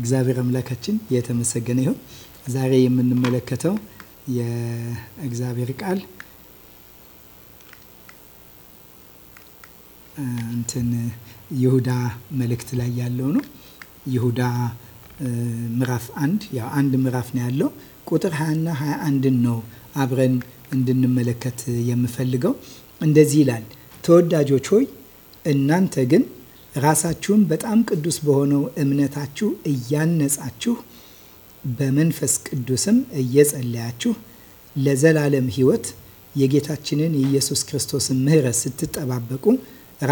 እግዚአብሔር አምላካችን የተመሰገነ ይሁን። ዛሬ የምንመለከተው የእግዚአብሔር ቃል እንትን ይሁዳ መልእክት ላይ ያለው ነው። ይሁዳ ምዕራፍ አንድ ያው አንድ ምዕራፍ ነው ያለው ቁጥር ሀያና ና አንድን ነው አብረን እንድንመለከት የምፈልገው። እንደዚህ ይላል፣ ተወዳጆች ሆይ እናንተ ግን ራሳችሁን በጣም ቅዱስ በሆነው እምነታችሁ እያነጻችሁ በመንፈስ ቅዱስም እየጸለያችሁ ለዘላለም ሕይወት የጌታችንን የኢየሱስ ክርስቶስን ምሕረት ስትጠባበቁ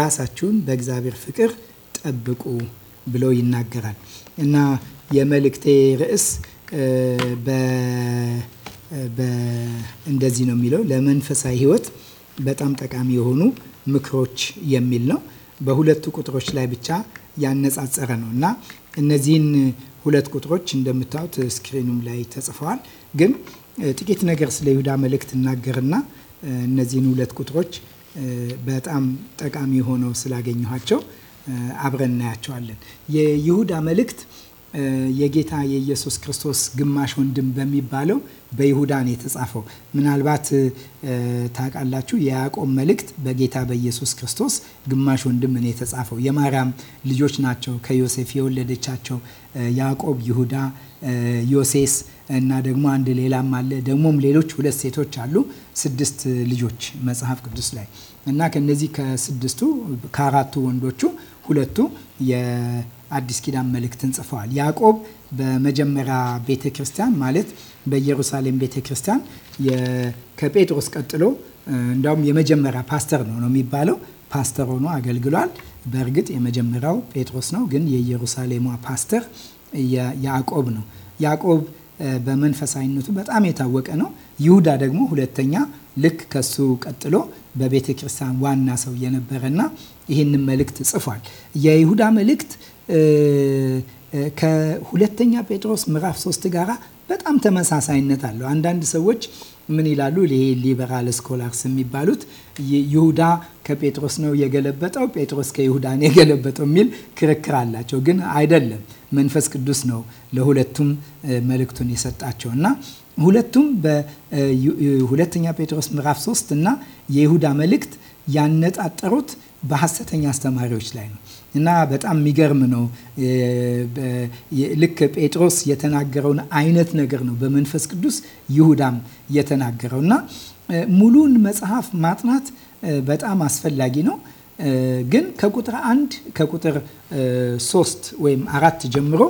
ራሳችሁን በእግዚአብሔር ፍቅር ጠብቁ ብሎ ይናገራል እና የመልእክቴ ርዕስ እንደዚህ ነው የሚለው ለመንፈሳዊ ሕይወት በጣም ጠቃሚ የሆኑ ምክሮች የሚል ነው። በሁለቱ ቁጥሮች ላይ ብቻ ያነጻጸረ ነው እና እነዚህን ሁለት ቁጥሮች እንደምታዩት ስክሪኑም ላይ ተጽፈዋል። ግን ጥቂት ነገር ስለ ይሁዳ መልእክት እናገርና እነዚህን ሁለት ቁጥሮች በጣም ጠቃሚ ሆነው ስላገኘኋቸው አብረን እናያቸዋለን። የይሁዳ መልእክት የጌታ የኢየሱስ ክርስቶስ ግማሽ ወንድም በሚባለው በይሁዳን የተጻፈው ምናልባት ታውቃላችሁ፣ የያዕቆብ መልእክት በጌታ በኢየሱስ ክርስቶስ ግማሽ ወንድም ነው የተጻፈው። የማርያም ልጆች ናቸው። ከዮሴፍ የወለደቻቸው ያዕቆብ፣ ይሁዳ ዮሴስ እና ደግሞ አንድ ሌላም አለ። ደግሞም ሌሎች ሁለት ሴቶች አሉ። ስድስት ልጆች መጽሐፍ ቅዱስ ላይ እና ከነዚህ ከስድስቱ ከአራቱ ወንዶቹ ሁለቱ የአዲስ ኪዳን መልእክትን ጽፈዋል። ያዕቆብ በመጀመሪያ ቤተ ክርስቲያን ማለት በኢየሩሳሌም ቤተ ክርስቲያን ከጴጥሮስ ቀጥሎ እንዳውም የመጀመሪያ ፓስተር ነው ነው የሚባለው ፓስተር ሆኖ አገልግሏል። በእርግጥ የመጀመሪያው ጴጥሮስ ነው፣ ግን የኢየሩሳሌሟ ፓስተር ያዕቆብ ነው። ያዕቆብ በመንፈሳዊነቱ በጣም የታወቀ ነው። ይሁዳ ደግሞ ሁለተኛ ልክ ከሱ ቀጥሎ በቤተ ክርስቲያን ዋና ሰው የነበረና ይህንን መልእክት ጽፏል። የይሁዳ መልእክት ከሁለተኛ ጴጥሮስ ምዕራፍ ሶስት ጋራ በጣም ተመሳሳይነት አለው። አንዳንድ ሰዎች ምን ይላሉ? ይሄ ሊበራል ስኮላርስ የሚባሉት ይሁዳ ከጴጥሮስ ነው የገለበጠው፣ ጴጥሮስ ከይሁዳ ነው የገለበጠው የሚል ክርክር አላቸው። ግን አይደለም፣ መንፈስ ቅዱስ ነው ለሁለቱም መልእክቱን የሰጣቸው እና ሁለቱም በሁለተኛ ጴጥሮስ ምዕራፍ 3 እና የይሁዳ መልእክት ያነጣጠሩት በሐሰተኛ አስተማሪዎች ላይ ነው። እና በጣም የሚገርም ነው። ልክ ጴጥሮስ የተናገረውን አይነት ነገር ነው በመንፈስ ቅዱስ ይሁዳም የተናገረው እና ሙሉን መጽሐፍ ማጥናት በጣም አስፈላጊ ነው። ግን ከቁጥር አንድ ከቁጥር ሶስት ወይም አራት ጀምሮ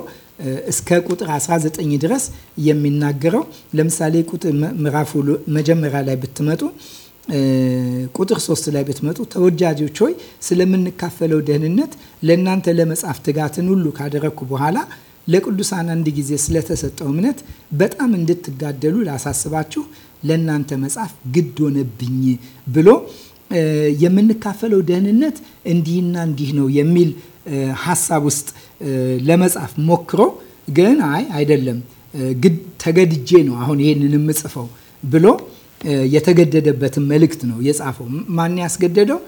እስከ ቁጥር 19 ድረስ የሚናገረው ለምሳሌ ቁጥር ምዕራፉ መጀመሪያ ላይ ብትመጡ ቁጥር ሶስት ላይ ብትመጡ ተወዳጆች ሆይ ስለምንካፈለው ደህንነት ለእናንተ ለመጻፍ ትጋትን ሁሉ ካደረግኩ በኋላ ለቅዱሳን አንድ ጊዜ ስለተሰጠው እምነት በጣም እንድትጋደሉ ላሳስባችሁ ለእናንተ መጻፍ ግድ ሆነብኝ ብሎ የምንካፈለው ደህንነት እንዲህና እንዲህ ነው የሚል ሀሳብ ውስጥ ለመጻፍ ሞክሮ ግን አይ አይደለም ግድ ተገድጄ ነው አሁን ይህንን የምጽፈው ብሎ የተገደደበትን መልእክት ነው የጻፈው። ማን ያስገደደው?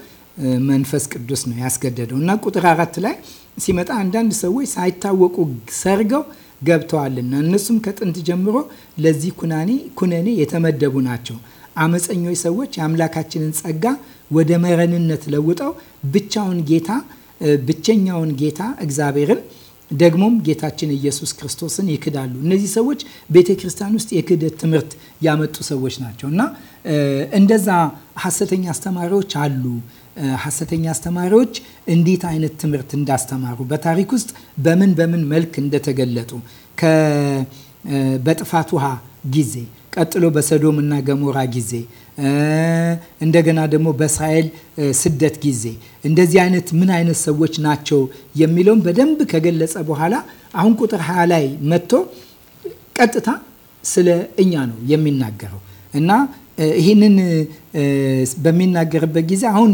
መንፈስ ቅዱስ ነው ያስገደደው። እና ቁጥር አራት ላይ ሲመጣ አንዳንድ ሰዎች ሳይታወቁ ሰርገው ገብተዋልና እነሱም ከጥንት ጀምሮ ለዚህ ኩናኔ ኩነኔ የተመደቡ ናቸው። አመፀኞች ሰዎች የአምላካችንን ጸጋ ወደ መረንነት ለውጠው ብቻውን ጌታ ብቸኛውን ጌታ እግዚአብሔርን ደግሞም ጌታችን ኢየሱስ ክርስቶስን ይክዳሉ። እነዚህ ሰዎች ቤተ ክርስቲያን ውስጥ የክህደት ትምህርት ያመጡ ሰዎች ናቸው እና እንደዛ ሐሰተኛ አስተማሪዎች አሉ። ሐሰተኛ አስተማሪዎች እንዴት አይነት ትምህርት እንዳስተማሩ በታሪክ ውስጥ በምን በምን መልክ እንደተገለጡ በጥፋት ውሃ ጊዜ ቀጥሎ በሰዶም እና ገሞራ ጊዜ እንደገና ደግሞ በእስራኤል ስደት ጊዜ እንደዚህ አይነት ምን አይነት ሰዎች ናቸው የሚለውን በደንብ ከገለጸ በኋላ አሁን ቁጥር 20 ላይ መጥቶ ቀጥታ ስለ እኛ ነው የሚናገረው እና ይህንን በሚናገርበት ጊዜ አሁን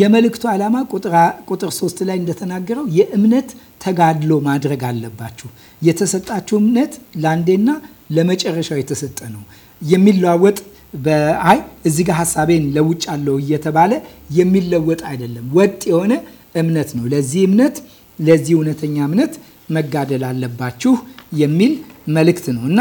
የመልእክቱ ዓላማ ቁጥር ሶስት ላይ እንደተናገረው የእምነት ተጋድሎ ማድረግ አለባችሁ የተሰጣችሁ እምነት ለአንዴና ለመጨረሻው የተሰጠ ነው። የሚለዋወጥ በአይ እዚህ ጋር ሀሳቤን አለው እየተባለ የሚለወጥ አይደለም። ወጥ የሆነ እምነት ነው። ለዚህ እምነት ለዚህ እውነተኛ እምነት መጋደል አለባችሁ የሚል መልእክት ነው እና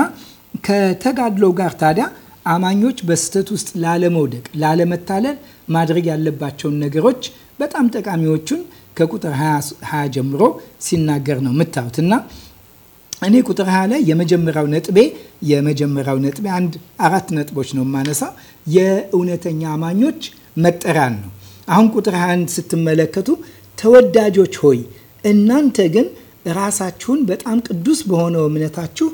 ከተጋድሎ ጋር ታዲያ አማኞች በስህተት ውስጥ ላለመውደቅ፣ ላለመታለል ማድረግ ያለባቸውን ነገሮች በጣም ጠቃሚዎቹን ከቁጥር 20 ጀምሮ ሲናገር ነው የምታዩት እና እኔ ቁጥር 20 ላይ የመጀመሪያው ነጥቤ የመጀመሪያው ነጥቤ አንድ አራት ነጥቦች ነው የማነሳው የእውነተኛ አማኞች መጠሪያን ነው። አሁን ቁጥር 21 ስትመለከቱ ተወዳጆች ሆይ እናንተ ግን ራሳችሁን በጣም ቅዱስ በሆነው እምነታችሁ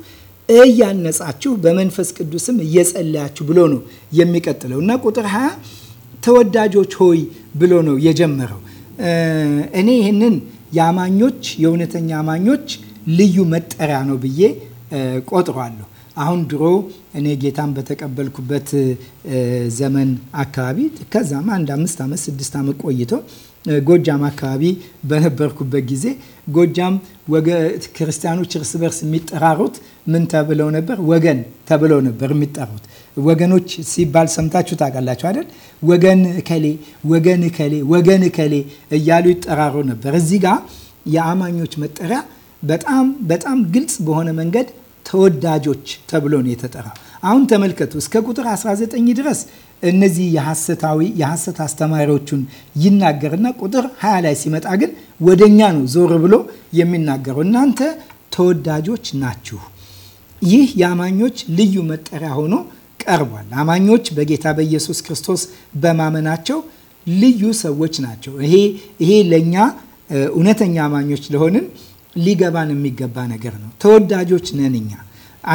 እያነጻችሁ በመንፈስ ቅዱስም እየጸለያችሁ ብሎ ነው የሚቀጥለው እና ቁጥር 20 ተወዳጆች ሆይ ብሎ ነው የጀመረው። እኔ ይህንን የአማኞች የእውነተኛ አማኞች ልዩ መጠሪያ ነው ብዬ ቆጥሯለሁ። አሁን ድሮ እኔ ጌታን በተቀበልኩበት ዘመን አካባቢ ከዛም አንድ አምስት ዓመት ስድስት ዓመት ቆይቶ ጎጃም አካባቢ በነበርኩበት ጊዜ ጎጃም ክርስቲያኖች እርስ በርስ የሚጠራሩት ምን ተብለው ነበር? ወገን ተብለው ነበር የሚጠሩት። ወገኖች ሲባል ሰምታችሁ ታውቃላችሁ አይደል? ወገን እከሌ፣ ወገን እከሌ፣ ወገን እከሌ እያሉ ይጠራሩ ነበር። እዚህ ጋር የአማኞች መጠሪያ በጣም በጣም ግልጽ በሆነ መንገድ ተወዳጆች ተብሎ ነው የተጠራ አሁን ተመልከቱ እስከ ቁጥር 19 ድረስ እነዚህ የሐሰታዊ የሐሰት አስተማሪዎቹን ይናገርና ቁጥር 20 ላይ ሲመጣ ግን ወደ እኛ ነው ዞር ብሎ የሚናገረው። እናንተ ተወዳጆች ናችሁ። ይህ የአማኞች ልዩ መጠሪያ ሆኖ ቀርቧል። አማኞች በጌታ በኢየሱስ ክርስቶስ በማመናቸው ልዩ ሰዎች ናቸው። ይሄ ይሄ ለእኛ እውነተኛ አማኞች ለሆንን ሊገባን የሚገባ ነገር ነው። ተወዳጆች ነን እኛ።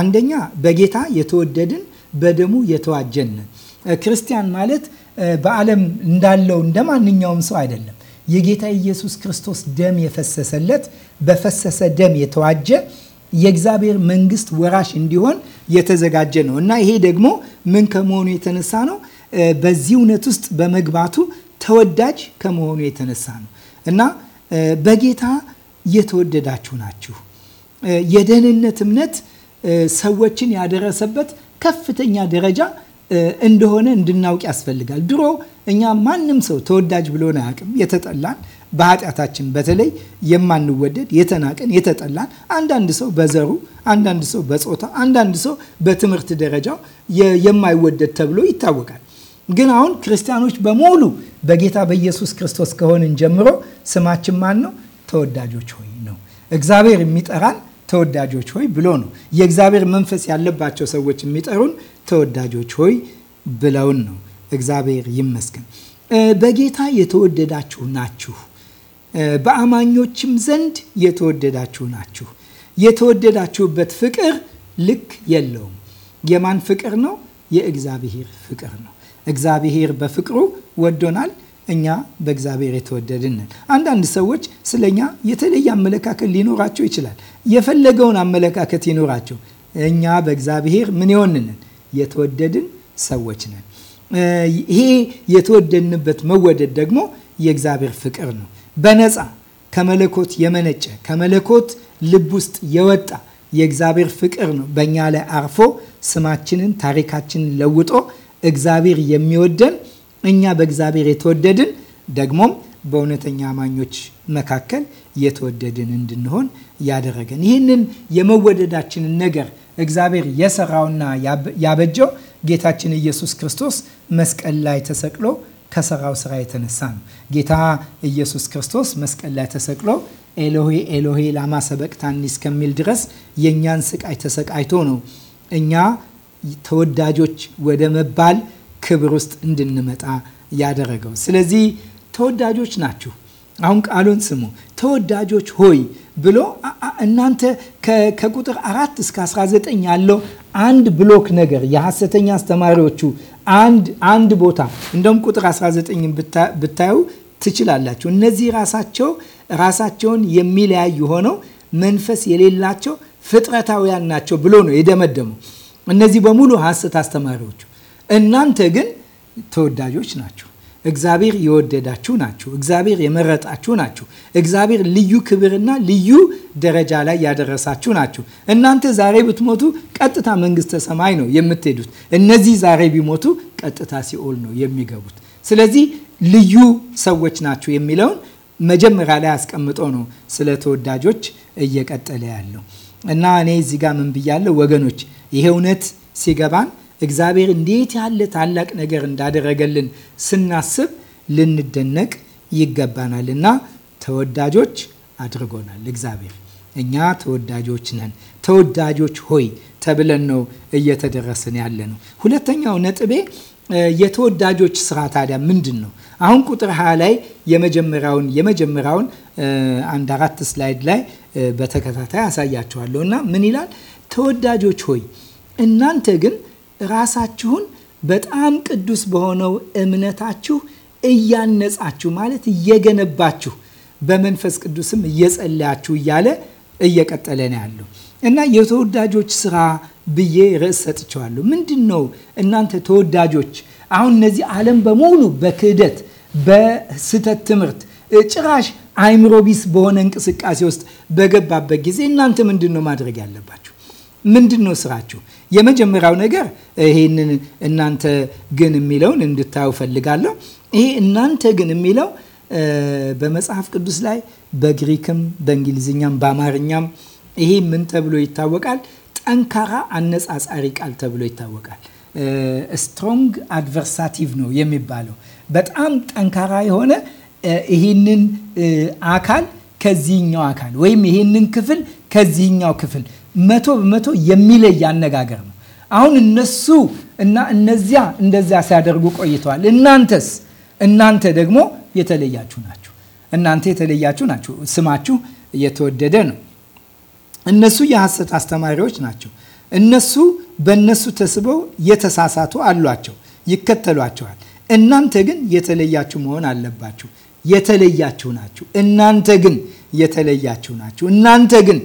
አንደኛ በጌታ የተወደድን በደሙ የተዋጀን። ክርስቲያን ማለት በዓለም እንዳለው እንደ ማንኛውም ሰው አይደለም። የጌታ ኢየሱስ ክርስቶስ ደም የፈሰሰለት በፈሰሰ ደም የተዋጀ የእግዚአብሔር መንግስት ወራሽ እንዲሆን የተዘጋጀ ነው እና ይሄ ደግሞ ምን ከመሆኑ የተነሳ ነው? በዚህ እውነት ውስጥ በመግባቱ ተወዳጅ ከመሆኑ የተነሳ ነው እና በጌታ የተወደዳችሁ ናችሁ። የደህንነት እምነት ሰዎችን ያደረሰበት ከፍተኛ ደረጃ እንደሆነ እንድናውቅ ያስፈልጋል። ድሮ እኛ ማንም ሰው ተወዳጅ ብሎን አያውቅም። የተጠላን በኃጢአታችን በተለይ የማንወደድ የተናቀን፣ የተጠላን አንዳንድ ሰው በዘሩ፣ አንዳንድ ሰው በጾታ፣ አንዳንድ ሰው በትምህርት ደረጃው የማይወደድ ተብሎ ይታወቃል። ግን አሁን ክርስቲያኖች በሙሉ በጌታ በኢየሱስ ክርስቶስ ከሆንን ጀምሮ ስማችን ማን ነው? ተወዳጆች ሆይ ነው። እግዚአብሔር የሚጠራን ተወዳጆች ሆይ ብሎ ነው። የእግዚአብሔር መንፈስ ያለባቸው ሰዎች የሚጠሩን ተወዳጆች ሆይ ብለውን ነው። እግዚአብሔር ይመስገን። በጌታ የተወደዳችሁ ናችሁ፣ በአማኞችም ዘንድ የተወደዳችሁ ናችሁ። የተወደዳችሁበት ፍቅር ልክ የለውም። የማን ፍቅር ነው? የእግዚአብሔር ፍቅር ነው። እግዚአብሔር በፍቅሩ ወዶናል። እኛ በእግዚአብሔር የተወደድን ነን። አንዳንድ ሰዎች ስለኛ የተለየ አመለካከት ሊኖራቸው ይችላል። የፈለገውን አመለካከት ይኖራቸው። እኛ በእግዚአብሔር ምን የሆንንን የተወደድን ሰዎች ነን። ይሄ የተወደድንበት መወደድ ደግሞ የእግዚአብሔር ፍቅር ነው። በነፃ ከመለኮት የመነጨ ከመለኮት ልብ ውስጥ የወጣ የእግዚአብሔር ፍቅር ነው በእኛ ላይ አርፎ ስማችንን፣ ታሪካችንን ለውጦ እግዚአብሔር የሚወደን እኛ በእግዚአብሔር የተወደድን ደግሞም በእውነተኛ አማኞች መካከል የተወደድን እንድንሆን ያደረገን ይህንን የመወደዳችንን ነገር እግዚአብሔር የሰራውና ያበጀው ጌታችን ኢየሱስ ክርስቶስ መስቀል ላይ ተሰቅሎ ከሰራው ስራ የተነሳ ነው። ጌታ ኢየሱስ ክርስቶስ መስቀል ላይ ተሰቅሎ ኤሎሄ ኤሎሄ ላማ ሰበቅታኒ እስከሚል ድረስ የእኛን ስቃይ ተሰቃይቶ ነው እኛ ተወዳጆች ወደ መባል ክብር ውስጥ እንድንመጣ ያደረገው። ስለዚህ ተወዳጆች ናችሁ። አሁን ቃሉን ስሙ። ተወዳጆች ሆይ ብሎ እናንተ ከቁጥር አራት እስከ 19 ያለው አንድ ብሎክ ነገር የሐሰተኛ አስተማሪዎቹ አንድ አንድ ቦታ እንደውም ቁጥር 19ን ብታዩ ትችላላችሁ። እነዚህ ራሳቸው ራሳቸውን የሚለያዩ ሆነው መንፈስ የሌላቸው ፍጥረታውያን ናቸው ብሎ ነው የደመደመው። እነዚህ በሙሉ ሐሰት አስተማሪዎቹ እናንተ ግን ተወዳጆች ናችሁ። እግዚአብሔር የወደዳችሁ ናችሁ። እግዚአብሔር የመረጣችሁ ናችሁ። እግዚአብሔር ልዩ ክብርና ልዩ ደረጃ ላይ ያደረሳችሁ ናችሁ። እናንተ ዛሬ ብትሞቱ ቀጥታ መንግስተ ሰማይ ነው የምትሄዱት። እነዚህ ዛሬ ቢሞቱ ቀጥታ ሲኦል ነው የሚገቡት። ስለዚህ ልዩ ሰዎች ናችሁ የሚለውን መጀመሪያ ላይ አስቀምጦ ነው ስለ ተወዳጆች እየቀጠለ ያለው እና እኔ እዚህ ጋር ምን ብያለሁ ወገኖች ይሄ እውነት ሲገባን እግዚአብሔር እንዴት ያለ ታላቅ ነገር እንዳደረገልን ስናስብ ልንደነቅ ይገባናል። እና ተወዳጆች አድርጎናል እግዚአብሔር። እኛ ተወዳጆች ነን። ተወዳጆች ሆይ ተብለን ነው እየተደረስን ያለ ነው። ሁለተኛው ነጥቤ የተወዳጆች ስራ ታዲያ ምንድን ነው? አሁን ቁጥር ሀያ ላይ የመጀመሪያውን የመጀመሪያውን አንድ አራት ስላይድ ላይ በተከታታይ አሳያችኋለሁ እና ምን ይላል? ተወዳጆች ሆይ እናንተ ግን ራሳችሁን በጣም ቅዱስ በሆነው እምነታችሁ እያነጻችሁ ማለት እየገነባችሁ በመንፈስ ቅዱስም እየጸለያችሁ እያለ እየቀጠለ ነው እና የተወዳጆች ስራ ብዬ ርዕስ ሰጥቸዋለሁ። ምንድን ነው እናንተ ተወዳጆች? አሁን እነዚህ ዓለም በሙሉ በክህደት በስህተት ትምህርት ጭራሽ አይምሮቢስ በሆነ እንቅስቃሴ ውስጥ በገባበት ጊዜ እናንተ ምንድን ነው ማድረግ ያለባችሁ? ምንድን ነው ስራችሁ? የመጀመሪያው ነገር ይሄንን እናንተ ግን የሚለውን እንድታዩ ፈልጋለሁ። ይሄ እናንተ ግን የሚለው በመጽሐፍ ቅዱስ ላይ በግሪክም በእንግሊዝኛም በአማርኛም ይሄ ምን ተብሎ ይታወቃል? ጠንካራ አነጻጻሪ ቃል ተብሎ ይታወቃል። ስትሮንግ አድቨርሳቲቭ ነው የሚባለው። በጣም ጠንካራ የሆነ ይህንን አካል ከዚህኛው አካል ወይም ይህንን ክፍል ከዚህኛው ክፍል መቶ በመቶ የሚለይ አነጋገር ነው። አሁን እነሱ እና እነዚያ እንደዚያ ሲያደርጉ ቆይተዋል። እናንተስ? እናንተ ደግሞ የተለያችሁ ናችሁ። እናንተ የተለያችሁ ናችሁ። ስማችሁ የተወደደ ነው። እነሱ የሐሰት አስተማሪዎች ናቸው። እነሱ በእነሱ ተስበው የተሳሳቱ አሏቸው፣ ይከተሏቸዋል። እናንተ ግን የተለያችሁ መሆን አለባችሁ። የተለያችሁ ናችሁ። እናንተ ግን የተለያችሁ ናችሁ። እናንተ ግን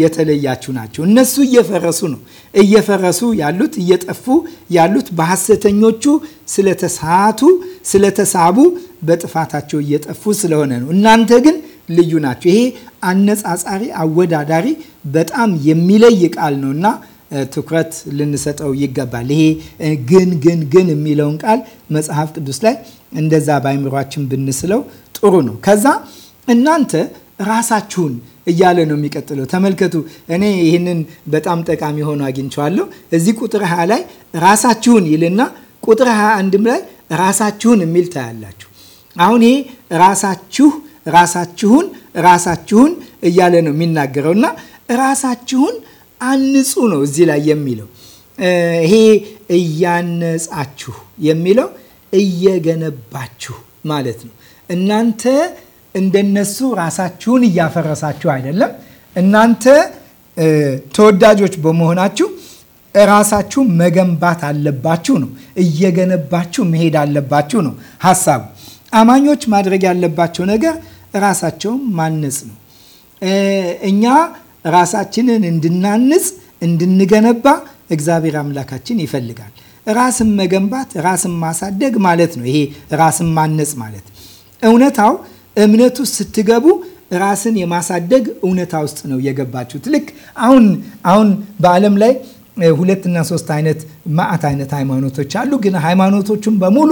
የተለያችሁ ናቸው። እነሱ እየፈረሱ ነው እየፈረሱ ያሉት እየጠፉ ያሉት በሐሰተኞቹ ስለተሳቱ ስለተሳቡ በጥፋታቸው እየጠፉ ስለሆነ ነው። እናንተ ግን ልዩ ናቸው። ይሄ አነጻጻሪ አወዳዳሪ በጣም የሚለይ ቃል ነው እና ትኩረት ልንሰጠው ይገባል። ይሄ ግን ግን ግን የሚለውን ቃል መጽሐፍ ቅዱስ ላይ እንደዛ በአይምሯችን ብንስለው ጥሩ ነው። ከዛ እናንተ ራሳችሁን እያለ ነው የሚቀጥለው። ተመልከቱ፣ እኔ ይህንን በጣም ጠቃሚ ሆኖ አግኝቸዋለሁ። እዚህ ቁጥር ሀ ላይ ራሳችሁን ይልና ቁጥር ሀ አንድም ላይ ራሳችሁን የሚል ታያላችሁ። አሁን ይሄ ራሳችሁ ራሳችሁን ራሳችሁን እያለ ነው የሚናገረው እና ራሳችሁን አንጹ ነው እዚህ ላይ የሚለው ይሄ እያነጻችሁ የሚለው እየገነባችሁ ማለት ነው እናንተ እንደነሱ ራሳችሁን እያፈረሳችሁ አይደለም። እናንተ ተወዳጆች በመሆናችሁ ራሳችሁ መገንባት አለባችሁ ነው። እየገነባችሁ መሄድ አለባችሁ ነው ሀሳቡ። አማኞች ማድረግ ያለባቸው ነገር ራሳቸውን ማነጽ ነው። እኛ ራሳችንን እንድናንጽ እንድንገነባ እግዚአብሔር አምላካችን ይፈልጋል። ራስን መገንባት ራስን ማሳደግ ማለት ነው። ይሄ ራስን ማነጽ ማለት እውነታው እምነት ውስጥ ስትገቡ ራስን የማሳደግ እውነታ ውስጥ ነው የገባችሁት። ልክ አሁን አሁን በዓለም ላይ ሁለትና ሶስት አይነት ማዕት አይነት ሃይማኖቶች አሉ። ግን ሃይማኖቶቹን በሙሉ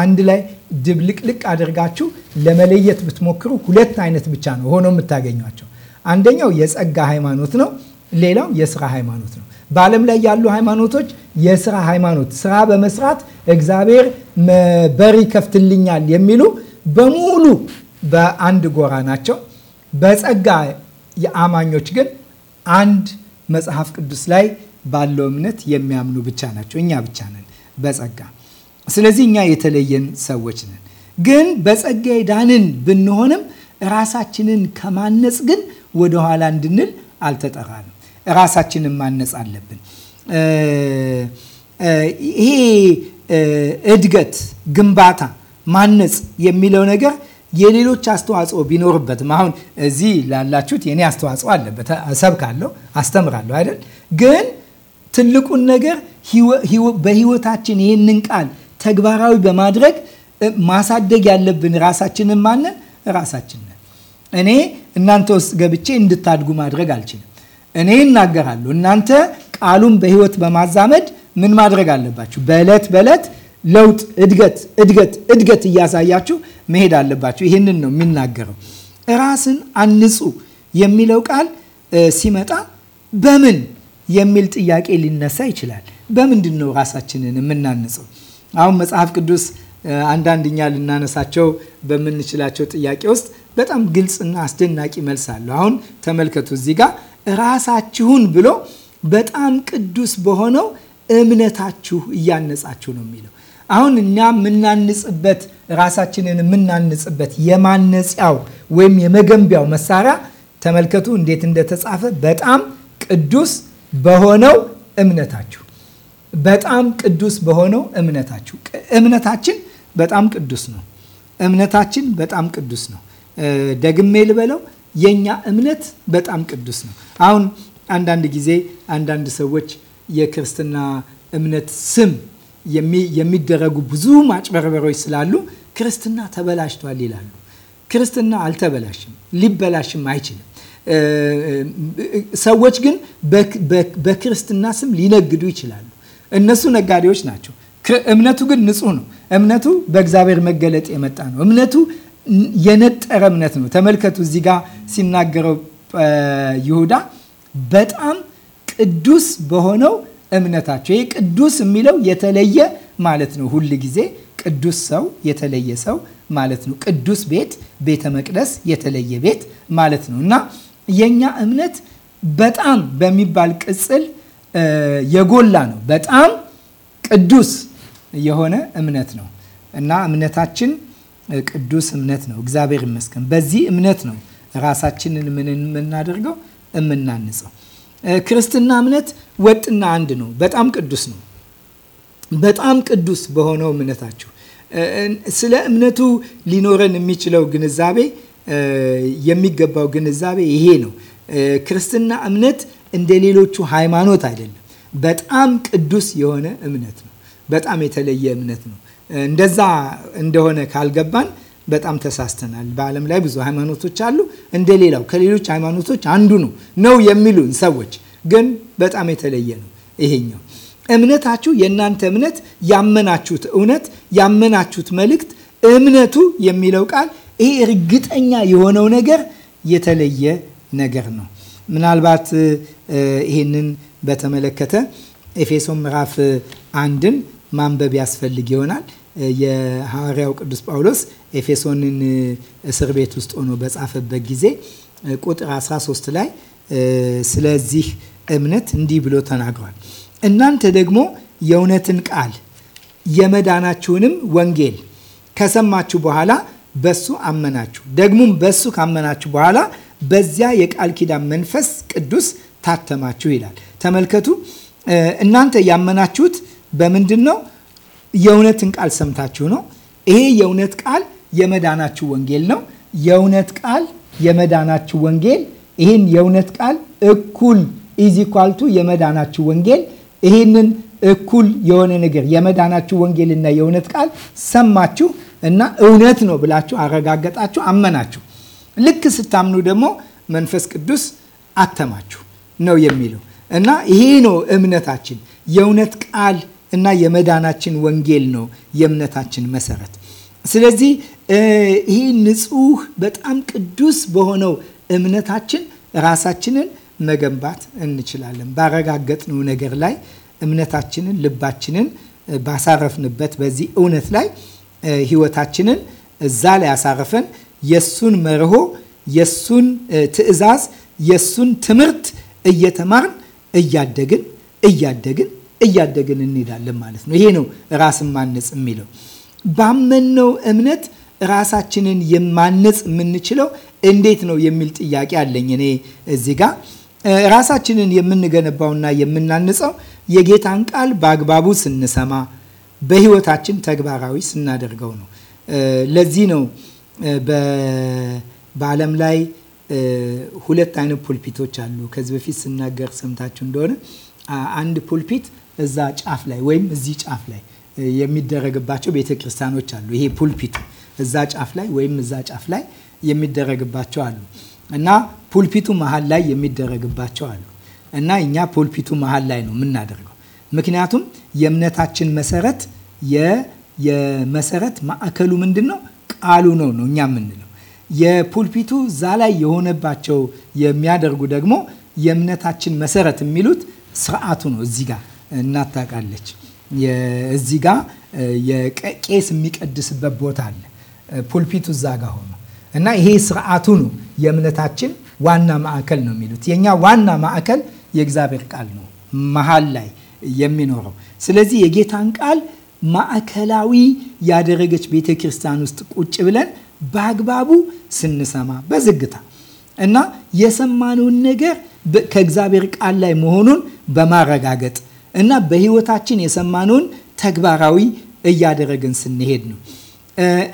አንድ ላይ ድብልቅልቅ አድርጋችሁ ለመለየት ብትሞክሩ ሁለት አይነት ብቻ ነው ሆኖ የምታገኟቸው። አንደኛው የጸጋ ሃይማኖት ነው። ሌላው የስራ ሃይማኖት ነው። በዓለም ላይ ያሉ ሃይማኖቶች የስራ ሃይማኖት ስራ በመስራት እግዚአብሔር በር ይከፍትልኛል የሚሉ በሙሉ በአንድ ጎራ ናቸው። በጸጋ የአማኞች ግን አንድ መጽሐፍ ቅዱስ ላይ ባለው እምነት የሚያምኑ ብቻ ናቸው። እኛ ብቻ ነን በጸጋ። ስለዚህ እኛ የተለየን ሰዎች ነን። ግን በጸጋ ዳንን ብንሆንም ራሳችንን ከማነጽ ግን ወደኋላ እንድንል አልተጠራንም። ራሳችንን ማነጽ አለብን። ይሄ እድገት፣ ግንባታ፣ ማነጽ የሚለው ነገር የሌሎች አስተዋጽኦ ቢኖርበትም አሁን እዚህ ላላችሁት የኔ አስተዋጽኦ አለበት፣ እሰብካለሁ፣ አስተምራለሁ አይደል? ግን ትልቁን ነገር በህይወታችን ይህንን ቃል ተግባራዊ በማድረግ ማሳደግ ያለብን ራሳችንን ማንን ራሳችን ነን። እኔ እናንተ ውስጥ ገብቼ እንድታድጉ ማድረግ አልችልም። እኔ እናገራለሁ። እናንተ ቃሉን በህይወት በማዛመድ ምን ማድረግ አለባችሁ? በዕለት በዕለት ለውጥ፣ እድገት፣ እድገት፣ እድገት እያሳያችሁ መሄድ አለባችሁ። ይህንን ነው የሚናገረው። ራስን አንጹ የሚለው ቃል ሲመጣ በምን የሚል ጥያቄ ሊነሳ ይችላል። በምንድን ነው ራሳችንን የምናንጸው? አሁን መጽሐፍ ቅዱስ አንዳንድኛ ልናነሳቸው በምንችላቸው ጥያቄ ውስጥ በጣም ግልጽና አስደናቂ መልስ አለው። አሁን ተመልከቱ እዚህ ጋር ራሳችሁን ብሎ በጣም ቅዱስ በሆነው እምነታችሁ እያነጻችሁ ነው የሚለው አሁን እኛ የምናንጽበት ራሳችንን የምናንጽበት የማነጽያው ወይም የመገንቢያው መሳሪያ ተመልከቱ እንዴት እንደተጻፈ በጣም ቅዱስ በሆነው እምነታችሁ በጣም ቅዱስ በሆነው እምነታችሁ እምነታችን በጣም ቅዱስ ነው። እምነታችን በጣም ቅዱስ ነው። ደግሜ ልበለው፣ የእኛ እምነት በጣም ቅዱስ ነው። አሁን አንዳንድ ጊዜ አንዳንድ ሰዎች የክርስትና እምነት ስም የሚደረጉ ብዙ ማጭበርበሮች ስላሉ ክርስትና ተበላሽቷል ይላሉ። ክርስትና አልተበላሽም፣ ሊበላሽም አይችልም። ሰዎች ግን በክርስትና ስም ሊነግዱ ይችላሉ። እነሱ ነጋዴዎች ናቸው። እምነቱ ግን ንጹህ ነው። እምነቱ በእግዚአብሔር መገለጥ የመጣ ነው። እምነቱ የነጠረ እምነት ነው። ተመልከቱ፣ እዚህ ጋር ሲናገረው ይሁዳ በጣም ቅዱስ በሆነው እምነታቸው። ይህ ቅዱስ የሚለው የተለየ ማለት ነው። ሁል ጊዜ ቅዱስ ሰው የተለየ ሰው ማለት ነው። ቅዱስ ቤት፣ ቤተ መቅደስ የተለየ ቤት ማለት ነው እና የእኛ እምነት በጣም በሚባል ቅጽል የጎላ ነው። በጣም ቅዱስ የሆነ እምነት ነው እና እምነታችን ቅዱስ እምነት ነው። እግዚአብሔር ይመስገን። በዚህ እምነት ነው ራሳችንን ምን የምናደርገው የምናንጸው ክርስትና እምነት ወጥና አንድ ነው። በጣም ቅዱስ ነው። በጣም ቅዱስ በሆነው እምነታችሁ ስለ እምነቱ ሊኖረን የሚችለው ግንዛቤ የሚገባው ግንዛቤ ይሄ ነው። ክርስትና እምነት እንደ ሌሎቹ ሃይማኖት አይደለም። በጣም ቅዱስ የሆነ እምነት ነው። በጣም የተለየ እምነት ነው። እንደዛ እንደሆነ ካልገባን በጣም ተሳስተናል። በዓለም ላይ ብዙ ሃይማኖቶች አሉ። እንደ ሌላው ከሌሎች ሃይማኖቶች አንዱ ነው ነው የሚሉን ሰዎች ግን በጣም የተለየ ነው ይሄኛው። እምነታችሁ የእናንተ እምነት ያመናችሁት እውነት ያመናችሁት መልእክት እምነቱ የሚለው ቃል ይሄ እርግጠኛ የሆነው ነገር የተለየ ነገር ነው። ምናልባት ይህንን በተመለከተ ኤፌሶን ምዕራፍ አንድን ማንበብ ያስፈልግ ይሆናል። የሐዋርያው ቅዱስ ጳውሎስ ኤፌሶንን እስር ቤት ውስጥ ሆኖ በጻፈበት ጊዜ ቁጥር 13 ላይ ስለዚህ እምነት እንዲህ ብሎ ተናግሯል። እናንተ ደግሞ የእውነትን ቃል የመዳናችሁንም ወንጌል ከሰማችሁ በኋላ በሱ አመናችሁ። ደግሞም በሱ ካመናችሁ በኋላ በዚያ የቃል ኪዳን መንፈስ ቅዱስ ታተማችሁ ይላል። ተመልከቱ። እናንተ ያመናችሁት በምንድን ነው? የእውነትን ቃል ሰምታችሁ ነው። ይሄ የእውነት ቃል የመዳናችሁ ወንጌል ነው። የእውነት ቃል የመዳናችሁ ወንጌል ይህን የእውነት ቃል እኩል ኢዚኳልቱ የመዳናችሁ ወንጌል ይህንን እኩል የሆነ ነገር የመዳናችሁ ወንጌልና የእውነት ቃል ሰማችሁ እና እውነት ነው ብላችሁ አረጋገጣችሁ፣ አመናችሁ። ልክ ስታምኑ ደግሞ መንፈስ ቅዱስ አተማችሁ ነው የሚለው እና ይሄ ነው እምነታችን የእውነት ቃል እና የመዳናችን ወንጌል ነው የእምነታችን መሰረት። ስለዚህ ይህ ንጹህ በጣም ቅዱስ በሆነው እምነታችን ራሳችንን መገንባት እንችላለን። ባረጋገጥነው ነገር ላይ እምነታችንን፣ ልባችንን ባሳረፍንበት በዚህ እውነት ላይ ህይወታችንን እዛ ላይ አሳርፈን የሱን መርሆ፣ የሱን ትዕዛዝ፣ የሱን ትምህርት እየተማርን እያደግን እያደግን እያደግን እንሄዳለን ማለት ነው። ይሄ ነው ራስን ማነጽ የሚለው። ባመንነው እምነት ራሳችንን የማነጽ የምንችለው እንዴት ነው የሚል ጥያቄ አለኝ እኔ እዚህ ጋ ራሳችንን የምንገነባውና የምናንጸው የጌታን ቃል በአግባቡ ስንሰማ በህይወታችን ተግባራዊ ስናደርገው ነው። ለዚህ ነው በዓለም ላይ ሁለት አይነት ፑልፒቶች አሉ። ከዚህ በፊት ስናገር ሰምታችሁ እንደሆነ አንድ ፑልፒት እዛ ጫፍ ላይ ወይም እዚህ ጫፍ ላይ የሚደረግባቸው ቤተ ክርስቲያኖች አሉ። ይሄ ፑልፒቱ እዛ ጫፍ ላይ ወይም እዛ ጫፍ ላይ የሚደረግባቸው አሉ እና ፑልፒቱ መሀል ላይ የሚደረግባቸው አሉ እና እኛ ፑልፒቱ መሀል ላይ ነው የምናደርገው። ምክንያቱም የእምነታችን መሰረት የመሰረት ማዕከሉ ምንድን ነው? ቃሉ ነው ነው እኛ የምንለው። የፑልፒቱ እዛ ላይ የሆነባቸው የሚያደርጉ ደግሞ የእምነታችን መሰረት የሚሉት ስርዓቱ ነው እዚህ ጋር እናት ታውቃለች። እዚህ ጋ የቄስ የሚቀድስበት ቦታ አለ። ፑልፒቱ እዛ ጋ ሆኖ እና ይሄ ስርዓቱ ነው። የእምነታችን ዋና ማዕከል ነው የሚሉት የእኛ ዋና ማዕከል የእግዚአብሔር ቃል ነው መሀል ላይ የሚኖረው። ስለዚህ የጌታን ቃል ማዕከላዊ ያደረገች ቤተ ክርስቲያን ውስጥ ቁጭ ብለን በአግባቡ ስንሰማ በዝግታ እና የሰማነውን ነገር ከእግዚአብሔር ቃል ላይ መሆኑን በማረጋገጥ እና በህይወታችን የሰማነውን ተግባራዊ እያደረግን ስንሄድ ነው።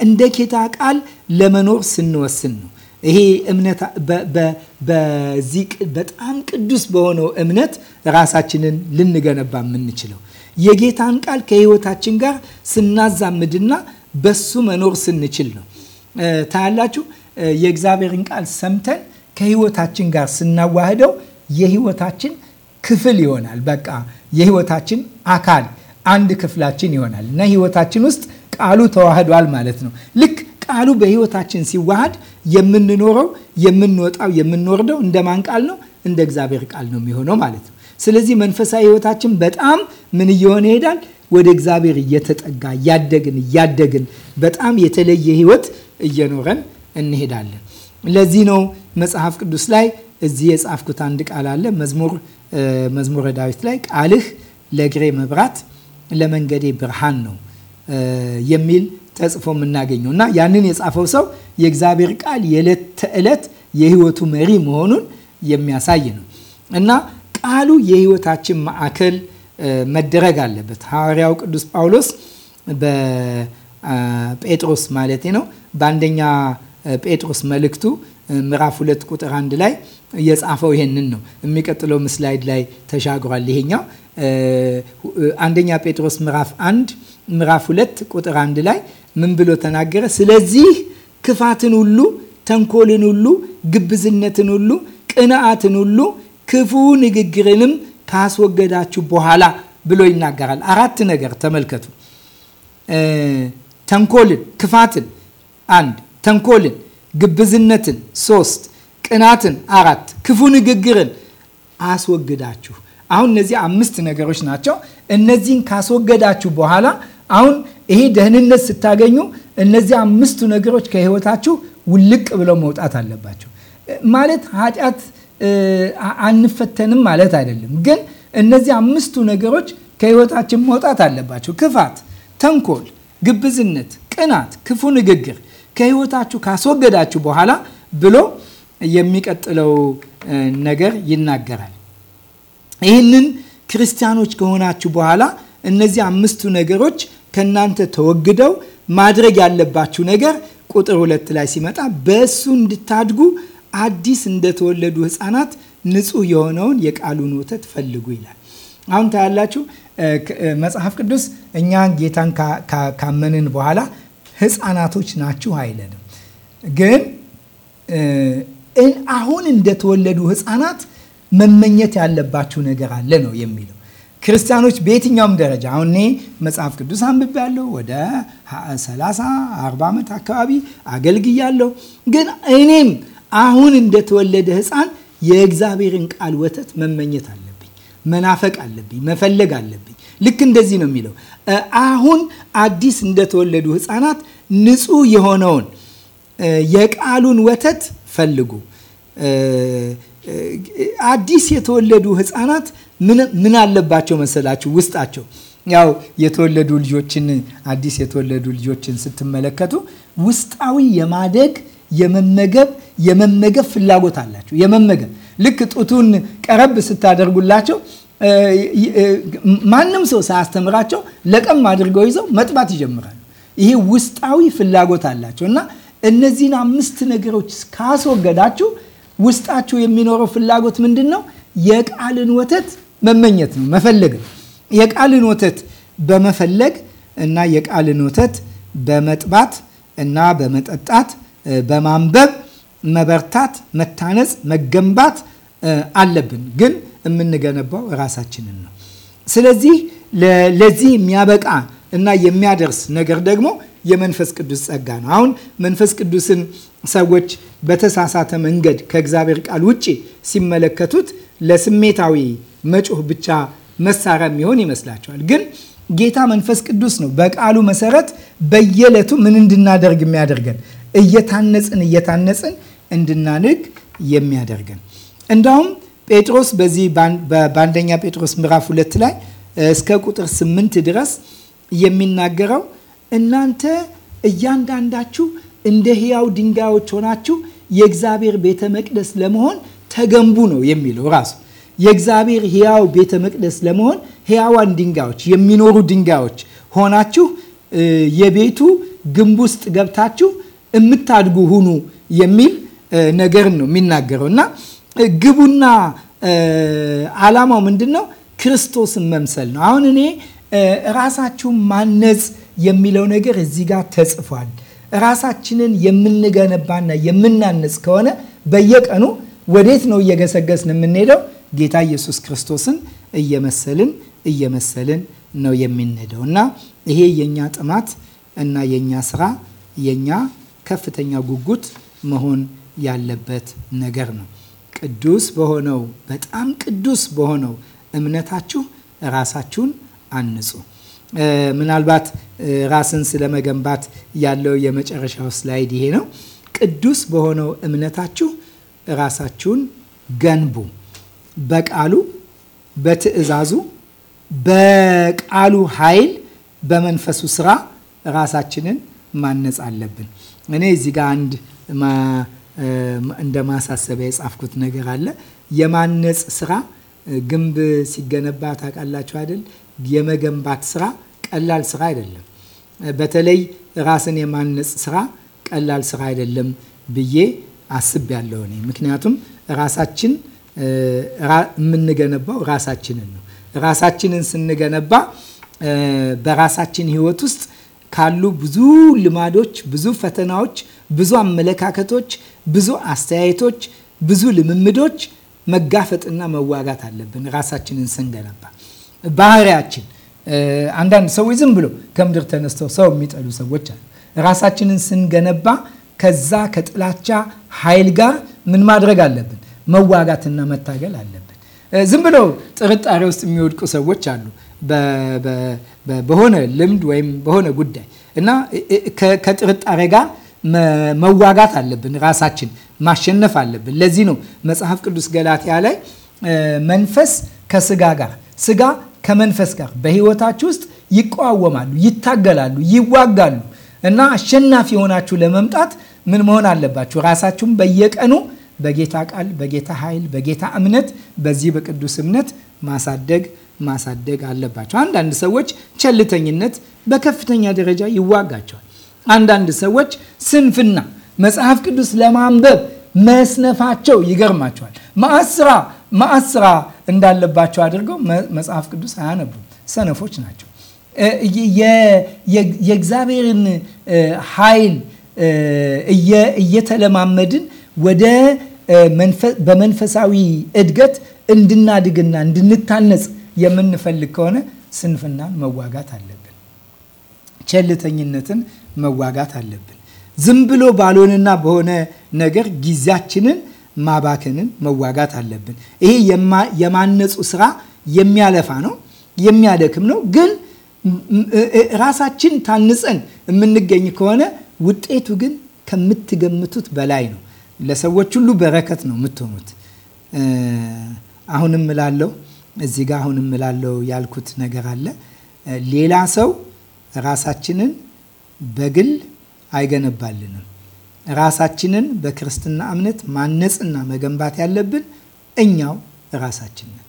እንደ ጌታ ቃል ለመኖር ስንወስን ነው። ይሄ እምነት በዚህ በጣም ቅዱስ በሆነው እምነት ራሳችንን ልንገነባ የምንችለው የጌታን ቃል ከህይወታችን ጋር ስናዛምድና በሱ መኖር ስንችል ነው። ታያላችሁ፣ የእግዚአብሔርን ቃል ሰምተን ከህይወታችን ጋር ስናዋህደው የህይወታችን ክፍል ይሆናል። በቃ የህይወታችን አካል አንድ ክፍላችን ይሆናል እና ህይወታችን ውስጥ ቃሉ ተዋህዷል ማለት ነው። ልክ ቃሉ በህይወታችን ሲዋሃድ የምንኖረው፣ የምንወጣው፣ የምንወርደው እንደማን ቃል ነው? እንደ እግዚአብሔር ቃል ነው የሚሆነው ማለት ነው። ስለዚህ መንፈሳዊ ህይወታችን በጣም ምን እየሆነ ይሄዳል? ወደ እግዚአብሔር እየተጠጋ እያደግን እያደግን በጣም የተለየ ህይወት እየኖረን እንሄዳለን። ለዚህ ነው መጽሐፍ ቅዱስ ላይ እዚህ የጻፍኩት አንድ ቃል አለ መዝሙር መዝሙረ ዳዊት ላይ ቃልህ ለእግሬ መብራት ለመንገዴ ብርሃን ነው የሚል ተጽፎ የምናገኘው እና ያንን የጻፈው ሰው የእግዚአብሔር ቃል የዕለት ተዕለት የህይወቱ መሪ መሆኑን የሚያሳይ ነው እና ቃሉ የህይወታችን ማዕከል መደረግ አለበት። ሐዋርያው ቅዱስ ጳውሎስ በጴጥሮስ ማለቴ ነው በአንደኛ ጴጥሮስ መልእክቱ ምዕራፍ ሁለት ቁጥር አንድ ላይ የጻፈው ይሄንን ነው። የሚቀጥለው ምስላይድ ላይ ተሻግሯል። ይሄኛው አንደኛ ጴጥሮስ ምዕራፍ አንድ ምዕራፍ ሁለት ቁጥር አንድ ላይ ምን ብሎ ተናገረ? ስለዚህ ክፋትን ሁሉ፣ ተንኮልን ሁሉ፣ ግብዝነትን ሁሉ፣ ቅንዓትን ሁሉ፣ ክፉ ንግግርንም ካስወገዳችሁ በኋላ ብሎ ይናገራል። አራት ነገር ተመልከቱ። ተንኮልን፣ ክፋትን አንድ ተንኮልን፣ ግብዝነትን ሶስት ቅናትን አራት ክፉ ንግግርን አስወግዳችሁ። አሁን እነዚህ አምስት ነገሮች ናቸው። እነዚህን ካስወገዳችሁ በኋላ አሁን ይሄ ደህንነት ስታገኙ እነዚህ አምስቱ ነገሮች ከህይወታችሁ ውልቅ ብለው መውጣት አለባቸው። ማለት ኃጢአት አንፈተንም ማለት አይደለም፣ ግን እነዚህ አምስቱ ነገሮች ከህይወታችን መውጣት አለባቸው። ክፋት፣ ተንኮል፣ ግብዝነት፣ ቅናት፣ ክፉ ንግግር ከህይወታችሁ ካስወገዳችሁ በኋላ ብሎ የሚቀጥለው ነገር ይናገራል። ይህንን ክርስቲያኖች ከሆናችሁ በኋላ እነዚህ አምስቱ ነገሮች ከእናንተ ተወግደው ማድረግ ያለባችሁ ነገር ቁጥር ሁለት ላይ ሲመጣ በእሱ እንድታድጉ አዲስ እንደተወለዱ ህፃናት ንጹህ የሆነውን የቃሉን ወተት ፈልጉ ይላል። አሁን ታያላችሁ መጽሐፍ ቅዱስ እኛ ጌታን ካመንን በኋላ ህፃናቶች ናችሁ አይለንም። ግን አሁን እንደተወለዱ ህፃናት መመኘት ያለባችሁ ነገር አለ ነው የሚለው ክርስቲያኖች በየትኛውም ደረጃ አሁን እኔ መጽሐፍ ቅዱስ አንብቤያለሁ። ወደ 30 40 ዓመት አካባቢ አገልግያለሁ። ግን እኔም አሁን እንደተወለደ ህፃን የእግዚአብሔርን ቃል ወተት መመኘት አለብኝ፣ መናፈቅ አለብኝ፣ መፈለግ አለብኝ። ልክ እንደዚህ ነው የሚለው አሁን አዲስ እንደተወለዱ ህፃናት ንጹህ የሆነውን የቃሉን ወተት ፈልጉ። አዲስ የተወለዱ ህፃናት ምን አለባቸው መሰላችሁ? ውስጣቸው ያው የተወለዱ ልጆችን አዲስ የተወለዱ ልጆችን ስትመለከቱ ውስጣዊ የማደግ የመመገብ የመመገብ ፍላጎት አላቸው። የመመገብ ልክ ጡቱን ቀረብ ስታደርጉላቸው ማንም ሰው ሳያስተምራቸው ለቀም አድርገው ይዘው መጥባት ይጀምራሉ። ይሄ ውስጣዊ ፍላጎት አላቸው እና እነዚህን አምስት ነገሮች ካስወገዳችሁ ውስጣችሁ የሚኖረው ፍላጎት ምንድን ነው? የቃልን ወተት መመኘት ነው፣ መፈለግ ነው። የቃልን ወተት በመፈለግ እና የቃልን ወተት በመጥባት እና በመጠጣት በማንበብ መበርታት፣ መታነጽ፣ መገንባት አለብን ግን የምንገነባው ራሳችንን ነው። ስለዚህ ለዚህ የሚያበቃ እና የሚያደርስ ነገር ደግሞ የመንፈስ ቅዱስ ጸጋ ነው። አሁን መንፈስ ቅዱስን ሰዎች በተሳሳተ መንገድ ከእግዚአብሔር ቃል ውጭ ሲመለከቱት ለስሜታዊ መጮህ ብቻ መሳሪያ የሚሆን ይመስላቸዋል። ግን ጌታ መንፈስ ቅዱስ ነው በቃሉ መሰረት በየዕለቱ ምን እንድናደርግ የሚያደርገን እየታነጽን እየታነጽን እንድናንግ የሚያደርገን እንዳውም ጴጥሮስ በዚህ በአንደኛ ጴጥሮስ ምዕራፍ ሁለት ላይ እስከ ቁጥር ስምንት ድረስ የሚናገረው እናንተ እያንዳንዳችሁ እንደ ሕያው ድንጋዮች ሆናችሁ የእግዚአብሔር ቤተ መቅደስ ለመሆን ተገንቡ ነው የሚለው ራሱ የእግዚአብሔር ሕያው ቤተ መቅደስ ለመሆን ሕያዋን ድንጋዮች የሚኖሩ ድንጋዮች ሆናችሁ የቤቱ ግንብ ውስጥ ገብታችሁ የምታድጉ ሁኑ የሚል ነገር ነው የሚናገረው እና ግቡና ዓላማው ምንድን ነው? ክርስቶስን መምሰል ነው። አሁን እኔ ራሳችሁን ማነጽ የሚለው ነገር እዚህ ጋር ተጽፏል። ራሳችንን የምንገነባና የምናነጽ ከሆነ በየቀኑ ወዴት ነው እየገሰገስን የምንሄደው? ጌታ ኢየሱስ ክርስቶስን እየመሰልን እየመሰልን ነው የምንሄደው እና ይሄ የእኛ ጥማት እና የእኛ ስራ የእኛ ከፍተኛ ጉጉት መሆን ያለበት ነገር ነው። ቅዱስ በሆነው በጣም ቅዱስ በሆነው እምነታችሁ ራሳችሁን አንጹ። ምናልባት ራስን ስለመገንባት ያለው የመጨረሻው ስላይድ ይሄ ነው። ቅዱስ በሆነው እምነታችሁ ራሳችሁን ገንቡ። በቃሉ በትዕዛዙ፣ በቃሉ ኃይል፣ በመንፈሱ ስራ ራሳችንን ማነጽ አለብን። እኔ እዚህ ጋር አንድ እንደ ማሳሰቢያ የጻፍኩት ነገር አለ። የማነጽ ስራ ግንብ ሲገነባ ታውቃላችሁ አይደል? የመገንባት ስራ ቀላል ስራ አይደለም። በተለይ ራስን የማነጽ ስራ ቀላል ስራ አይደለም ብዬ ያለው እኔ። ምክንያቱም ራሳችን የምንገነባው ራሳችንን ነው። ራሳችንን ስንገነባ በራሳችን ህይወት ውስጥ ካሉ ብዙ ልማዶች፣ ብዙ ፈተናዎች፣ ብዙ አመለካከቶች ብዙ አስተያየቶች፣ ብዙ ልምምዶች መጋፈጥና መዋጋት አለብን ራሳችንን ስንገነባ። ባህሪያችን አንዳንድ ሰዎች ዝም ብሎ ከምድር ተነስተው ሰው የሚጠሉ ሰዎች አሉ። ራሳችንን ስንገነባ ከዛ ከጥላቻ ኃይል ጋር ምን ማድረግ አለብን? መዋጋትና መታገል አለብን። ዝም ብሎ ጥርጣሬ ውስጥ የሚወድቁ ሰዎች አሉ በሆነ ልምድ ወይም በሆነ ጉዳይ እና ከጥርጣሬ ጋር መዋጋት አለብን፣ ራሳችን ማሸነፍ አለብን። ለዚህ ነው መጽሐፍ ቅዱስ ገላትያ ላይ መንፈስ ከስጋ ጋር፣ ስጋ ከመንፈስ ጋር በህይወታችሁ ውስጥ ይቋወማሉ፣ ይታገላሉ፣ ይዋጋሉ እና አሸናፊ የሆናችሁ ለመምጣት ምን መሆን አለባችሁ? ራሳችሁም በየቀኑ በጌታ ቃል፣ በጌታ ኃይል፣ በጌታ እምነት፣ በዚህ በቅዱስ እምነት ማሳደግ ማሳደግ አለባቸው። አንዳንድ ሰዎች ቸልተኝነት በከፍተኛ ደረጃ ይዋጋቸዋል። አንዳንድ ሰዎች ስንፍና መጽሐፍ ቅዱስ ለማንበብ መስነፋቸው ይገርማቸዋል። ማአስራ ማአስራ እንዳለባቸው አድርገው መጽሐፍ ቅዱስ አያነቡም። ሰነፎች ናቸው። የእግዚአብሔርን ኃይል እየተለማመድን ወደ በመንፈሳዊ እድገት እንድናድግና እንድንታነጽ የምንፈልግ ከሆነ ስንፍናን መዋጋት አለ ቸልተኝነትን መዋጋት አለብን። ዝም ብሎ ባልሆነና በሆነ ነገር ጊዜያችንን ማባከንን መዋጋት አለብን። ይሄ የማነጹ ስራ የሚያለፋ ነው፣ የሚያደክም ነው። ግን ራሳችን ታንጸን የምንገኝ ከሆነ ውጤቱ ግን ከምትገምቱት በላይ ነው። ለሰዎች ሁሉ በረከት ነው የምትሆኑት። አሁንም እላለሁ እዚህ ጋር አሁንም እላለሁ ያልኩት ነገር አለ ሌላ ሰው ራሳችንን በግል አይገነባልንም። ራሳችንን በክርስትና እምነት ማነጽና መገንባት ያለብን እኛው ራሳችንን።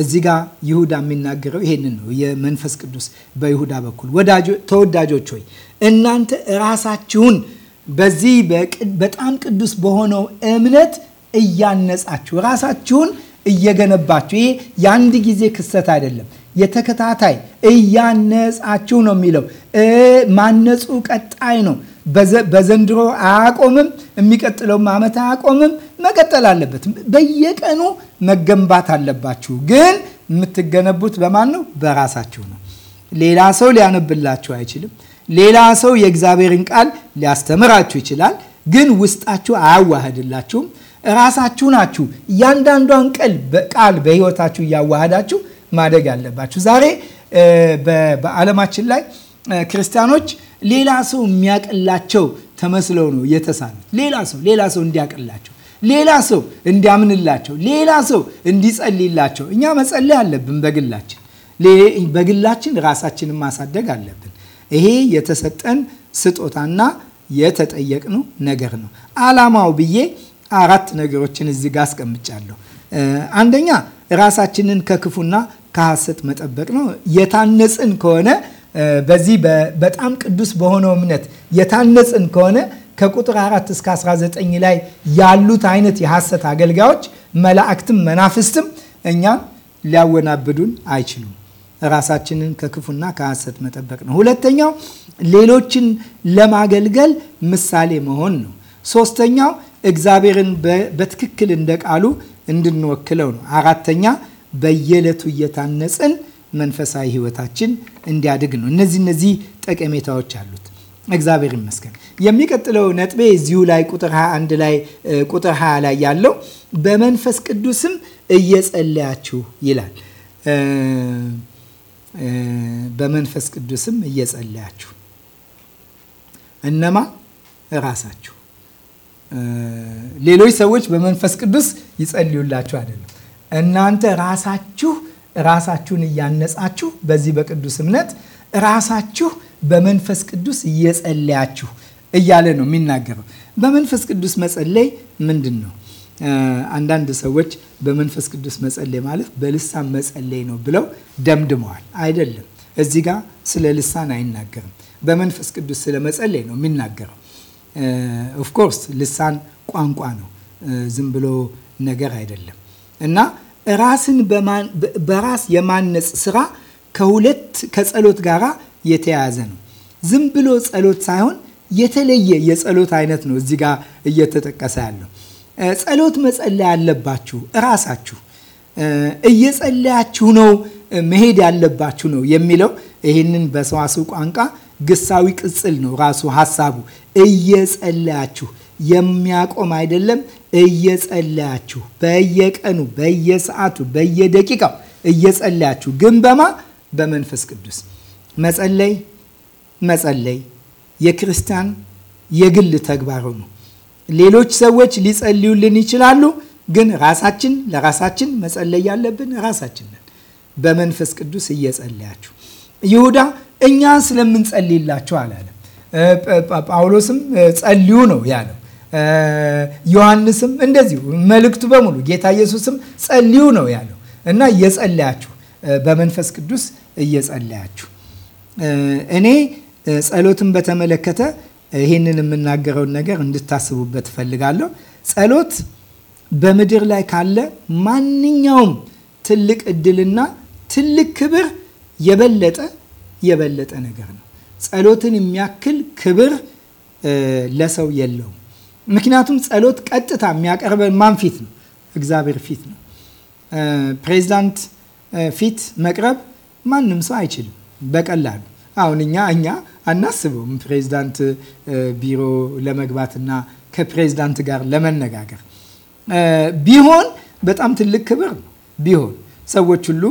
እዚህ ጋር ይሁዳ የሚናገረው ይሄንን ነው። የመንፈስ ቅዱስ በይሁዳ በኩል ተወዳጆች ሆይ እናንተ ራሳችሁን በዚህ በጣም ቅዱስ በሆነው እምነት እያነጻችሁ ራሳችሁን እየገነባችሁ ይሄ የአንድ ጊዜ ክስተት አይደለም። የተከታታይ እያነጻችሁ ነው የሚለው ማነጹ ቀጣይ ነው። በዘንድሮ አያቆምም፣ የሚቀጥለውም ዓመት አያቆምም። መቀጠል አለበት። በየቀኑ መገንባት አለባችሁ። ግን የምትገነቡት በማን ነው? በራሳችሁ ነው። ሌላ ሰው ሊያነብላችሁ አይችልም። ሌላ ሰው የእግዚአብሔርን ቃል ሊያስተምራችሁ ይችላል፣ ግን ውስጣችሁ አያዋህድላችሁም። ራሳችሁ ናችሁ እያንዳንዷን ቀል ቃል በህይወታችሁ እያዋህዳችሁ ማደግ አለባችሁ። ዛሬ በዓለማችን ላይ ክርስቲያኖች ሌላ ሰው የሚያቅላቸው ተመስለው ነው የተሳሉ ሌላ ሰው ሌላ ሰው እንዲያቅላቸው፣ ሌላ ሰው እንዲያምንላቸው፣ ሌላ ሰው እንዲጸልይላቸው። እኛ መጸለይ አለብን በግላችን በግላችን ራሳችንን ማሳደግ አለብን። ይሄ የተሰጠን ስጦታና የተጠየቅነው ነገር ነው። አላማው ብዬ አራት ነገሮችን እዚህ ጋር አስቀምጫለሁ። አንደኛ ራሳችንን ከክፉና ከሐሰት መጠበቅ ነው። የታነጽን ከሆነ በዚህ በጣም ቅዱስ በሆነው እምነት የታነጽን ከሆነ ከቁጥር 4 እስከ 19 ላይ ያሉት አይነት የሐሰት አገልጋዮች መላእክትም መናፍስትም እኛም ሊያወናብዱን አይችሉም። ራሳችንን ከክፉና ከሐሰት መጠበቅ ነው። ሁለተኛው ሌሎችን ለማገልገል ምሳሌ መሆን ነው። ሶስተኛው እግዚአብሔርን በትክክል እንደ ቃሉ እንድንወክለው ነው። አራተኛ በየዕለቱ እየታነጽን መንፈሳዊ ህይወታችን እንዲያድግ ነው። እነዚህ እነዚህ ጠቀሜታዎች አሉት። እግዚአብሔር ይመስገን። የሚቀጥለው ነጥቤ እዚሁ ላይ ቁጥር 21 ላይ ቁጥር 20 ላይ ያለው በመንፈስ ቅዱስም እየጸለያችሁ ይላል። በመንፈስ ቅዱስም እየጸለያችሁ እነማ ራሳችሁ ሌሎች ሰዎች በመንፈስ ቅዱስ ይጸልዩላችሁ አይደለም እናንተ ራሳችሁ ራሳችሁን እያነጻችሁ በዚህ በቅዱስ እምነት ራሳችሁ በመንፈስ ቅዱስ እየጸለያችሁ እያለ ነው የሚናገረው። በመንፈስ ቅዱስ መጸለይ ምንድን ነው? አንዳንድ ሰዎች በመንፈስ ቅዱስ መጸለይ ማለት በልሳን መጸለይ ነው ብለው ደምድመዋል። አይደለም። እዚህ ጋር ስለ ልሳን አይናገርም። በመንፈስ ቅዱስ ስለ መጸለይ ነው የሚናገረው። ኦፍኮርስ ልሳን ቋንቋ ነው፣ ዝም ብሎ ነገር አይደለም። እና ራስን በራስ የማነጽ ስራ ከሁለት ከጸሎት ጋር የተያያዘ ነው። ዝም ብሎ ጸሎት ሳይሆን የተለየ የጸሎት አይነት ነው እዚህ ጋር እየተጠቀሰ ያለው። ጸሎት መጸለይ ያለባችሁ እራሳችሁ እየጸለያችሁ ነው መሄድ ያለባችሁ ነው የሚለው ይህንን በሰዋስው ቋንቋ ግሳዊ ቅጽል ነው ራሱ ሀሳቡ እየጸለያችሁ የሚያቆም አይደለም እየጸለያችሁ በየቀኑ በየሰዓቱ በየደቂቃው እየጸለያችሁ ግን በማ በመንፈስ ቅዱስ መጸለይ መጸለይ የክርስቲያን የግል ተግባሩ ነው። ሌሎች ሰዎች ሊጸልዩልን ይችላሉ፣ ግን ራሳችን ለራሳችን መጸለይ ያለብን ራሳችን ነን። በመንፈስ ቅዱስ እየጸለያችሁ ይሁዳ እኛ ስለምንጸልይላቸው አላለም። ጳውሎስም ጸልዩ ነው ያለው ዮሐንስም እንደዚሁ መልእክቱ በሙሉ ጌታ ኢየሱስም ጸልዩ ነው ያለው እና እየጸለያችሁ በመንፈስ ቅዱስ እየጸለያችሁ እኔ ጸሎትን በተመለከተ ይህንን የምናገረውን ነገር እንድታስቡበት እፈልጋለሁ። ጸሎት በምድር ላይ ካለ ማንኛውም ትልቅ እድልና ትልቅ ክብር የበለጠ የበለጠ ነገር ነው። ጸሎትን የሚያክል ክብር ለሰው የለውም። ምክንያቱም ጸሎት ቀጥታ የሚያቀርበን ማን ፊት ነው? እግዚአብሔር ፊት ነው። ፕሬዚዳንት ፊት መቅረብ ማንም ሰው አይችልም በቀላሉ። አሁን እኛ እኛ አናስበውም ፕሬዚዳንት ቢሮ ለመግባትና ከፕሬዚዳንት ጋር ለመነጋገር ቢሆን በጣም ትልቅ ክብር ነው። ቢሆን ሰዎች ሁሉ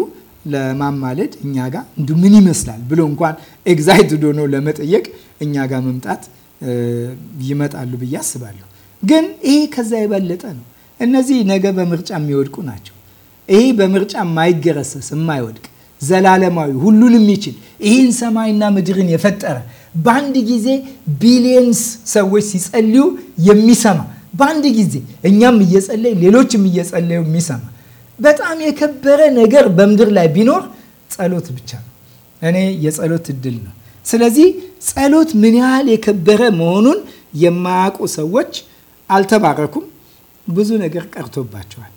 ለማማለድ እኛ ጋር እንዲሁ ምን ይመስላል ብሎ እንኳን ኤግዛይትድ ሆኖ ለመጠየቅ እኛ ጋር መምጣት ይመጣሉ ብዬ አስባለሁ። ግን ይሄ ከዛ የበለጠ ነው። እነዚህ ነገ በምርጫ የሚወድቁ ናቸው። ይሄ በምርጫ የማይገረሰስ የማይወድቅ ዘላለማዊ ሁሉን የሚችል ይህን ሰማይና ምድርን የፈጠረ በአንድ ጊዜ ቢሊየንስ ሰዎች ሲጸልዩ የሚሰማ በአንድ ጊዜ እኛም እየጸለይ ሌሎችም እየጸለዩ የሚሰማ በጣም የከበረ ነገር በምድር ላይ ቢኖር ጸሎት ብቻ ነው። እኔ የጸሎት እድል ነው። ስለዚህ ጸሎት ምን ያህል የከበረ መሆኑን የማያውቁ ሰዎች አልተባረኩም። ብዙ ነገር ቀርቶባቸዋል።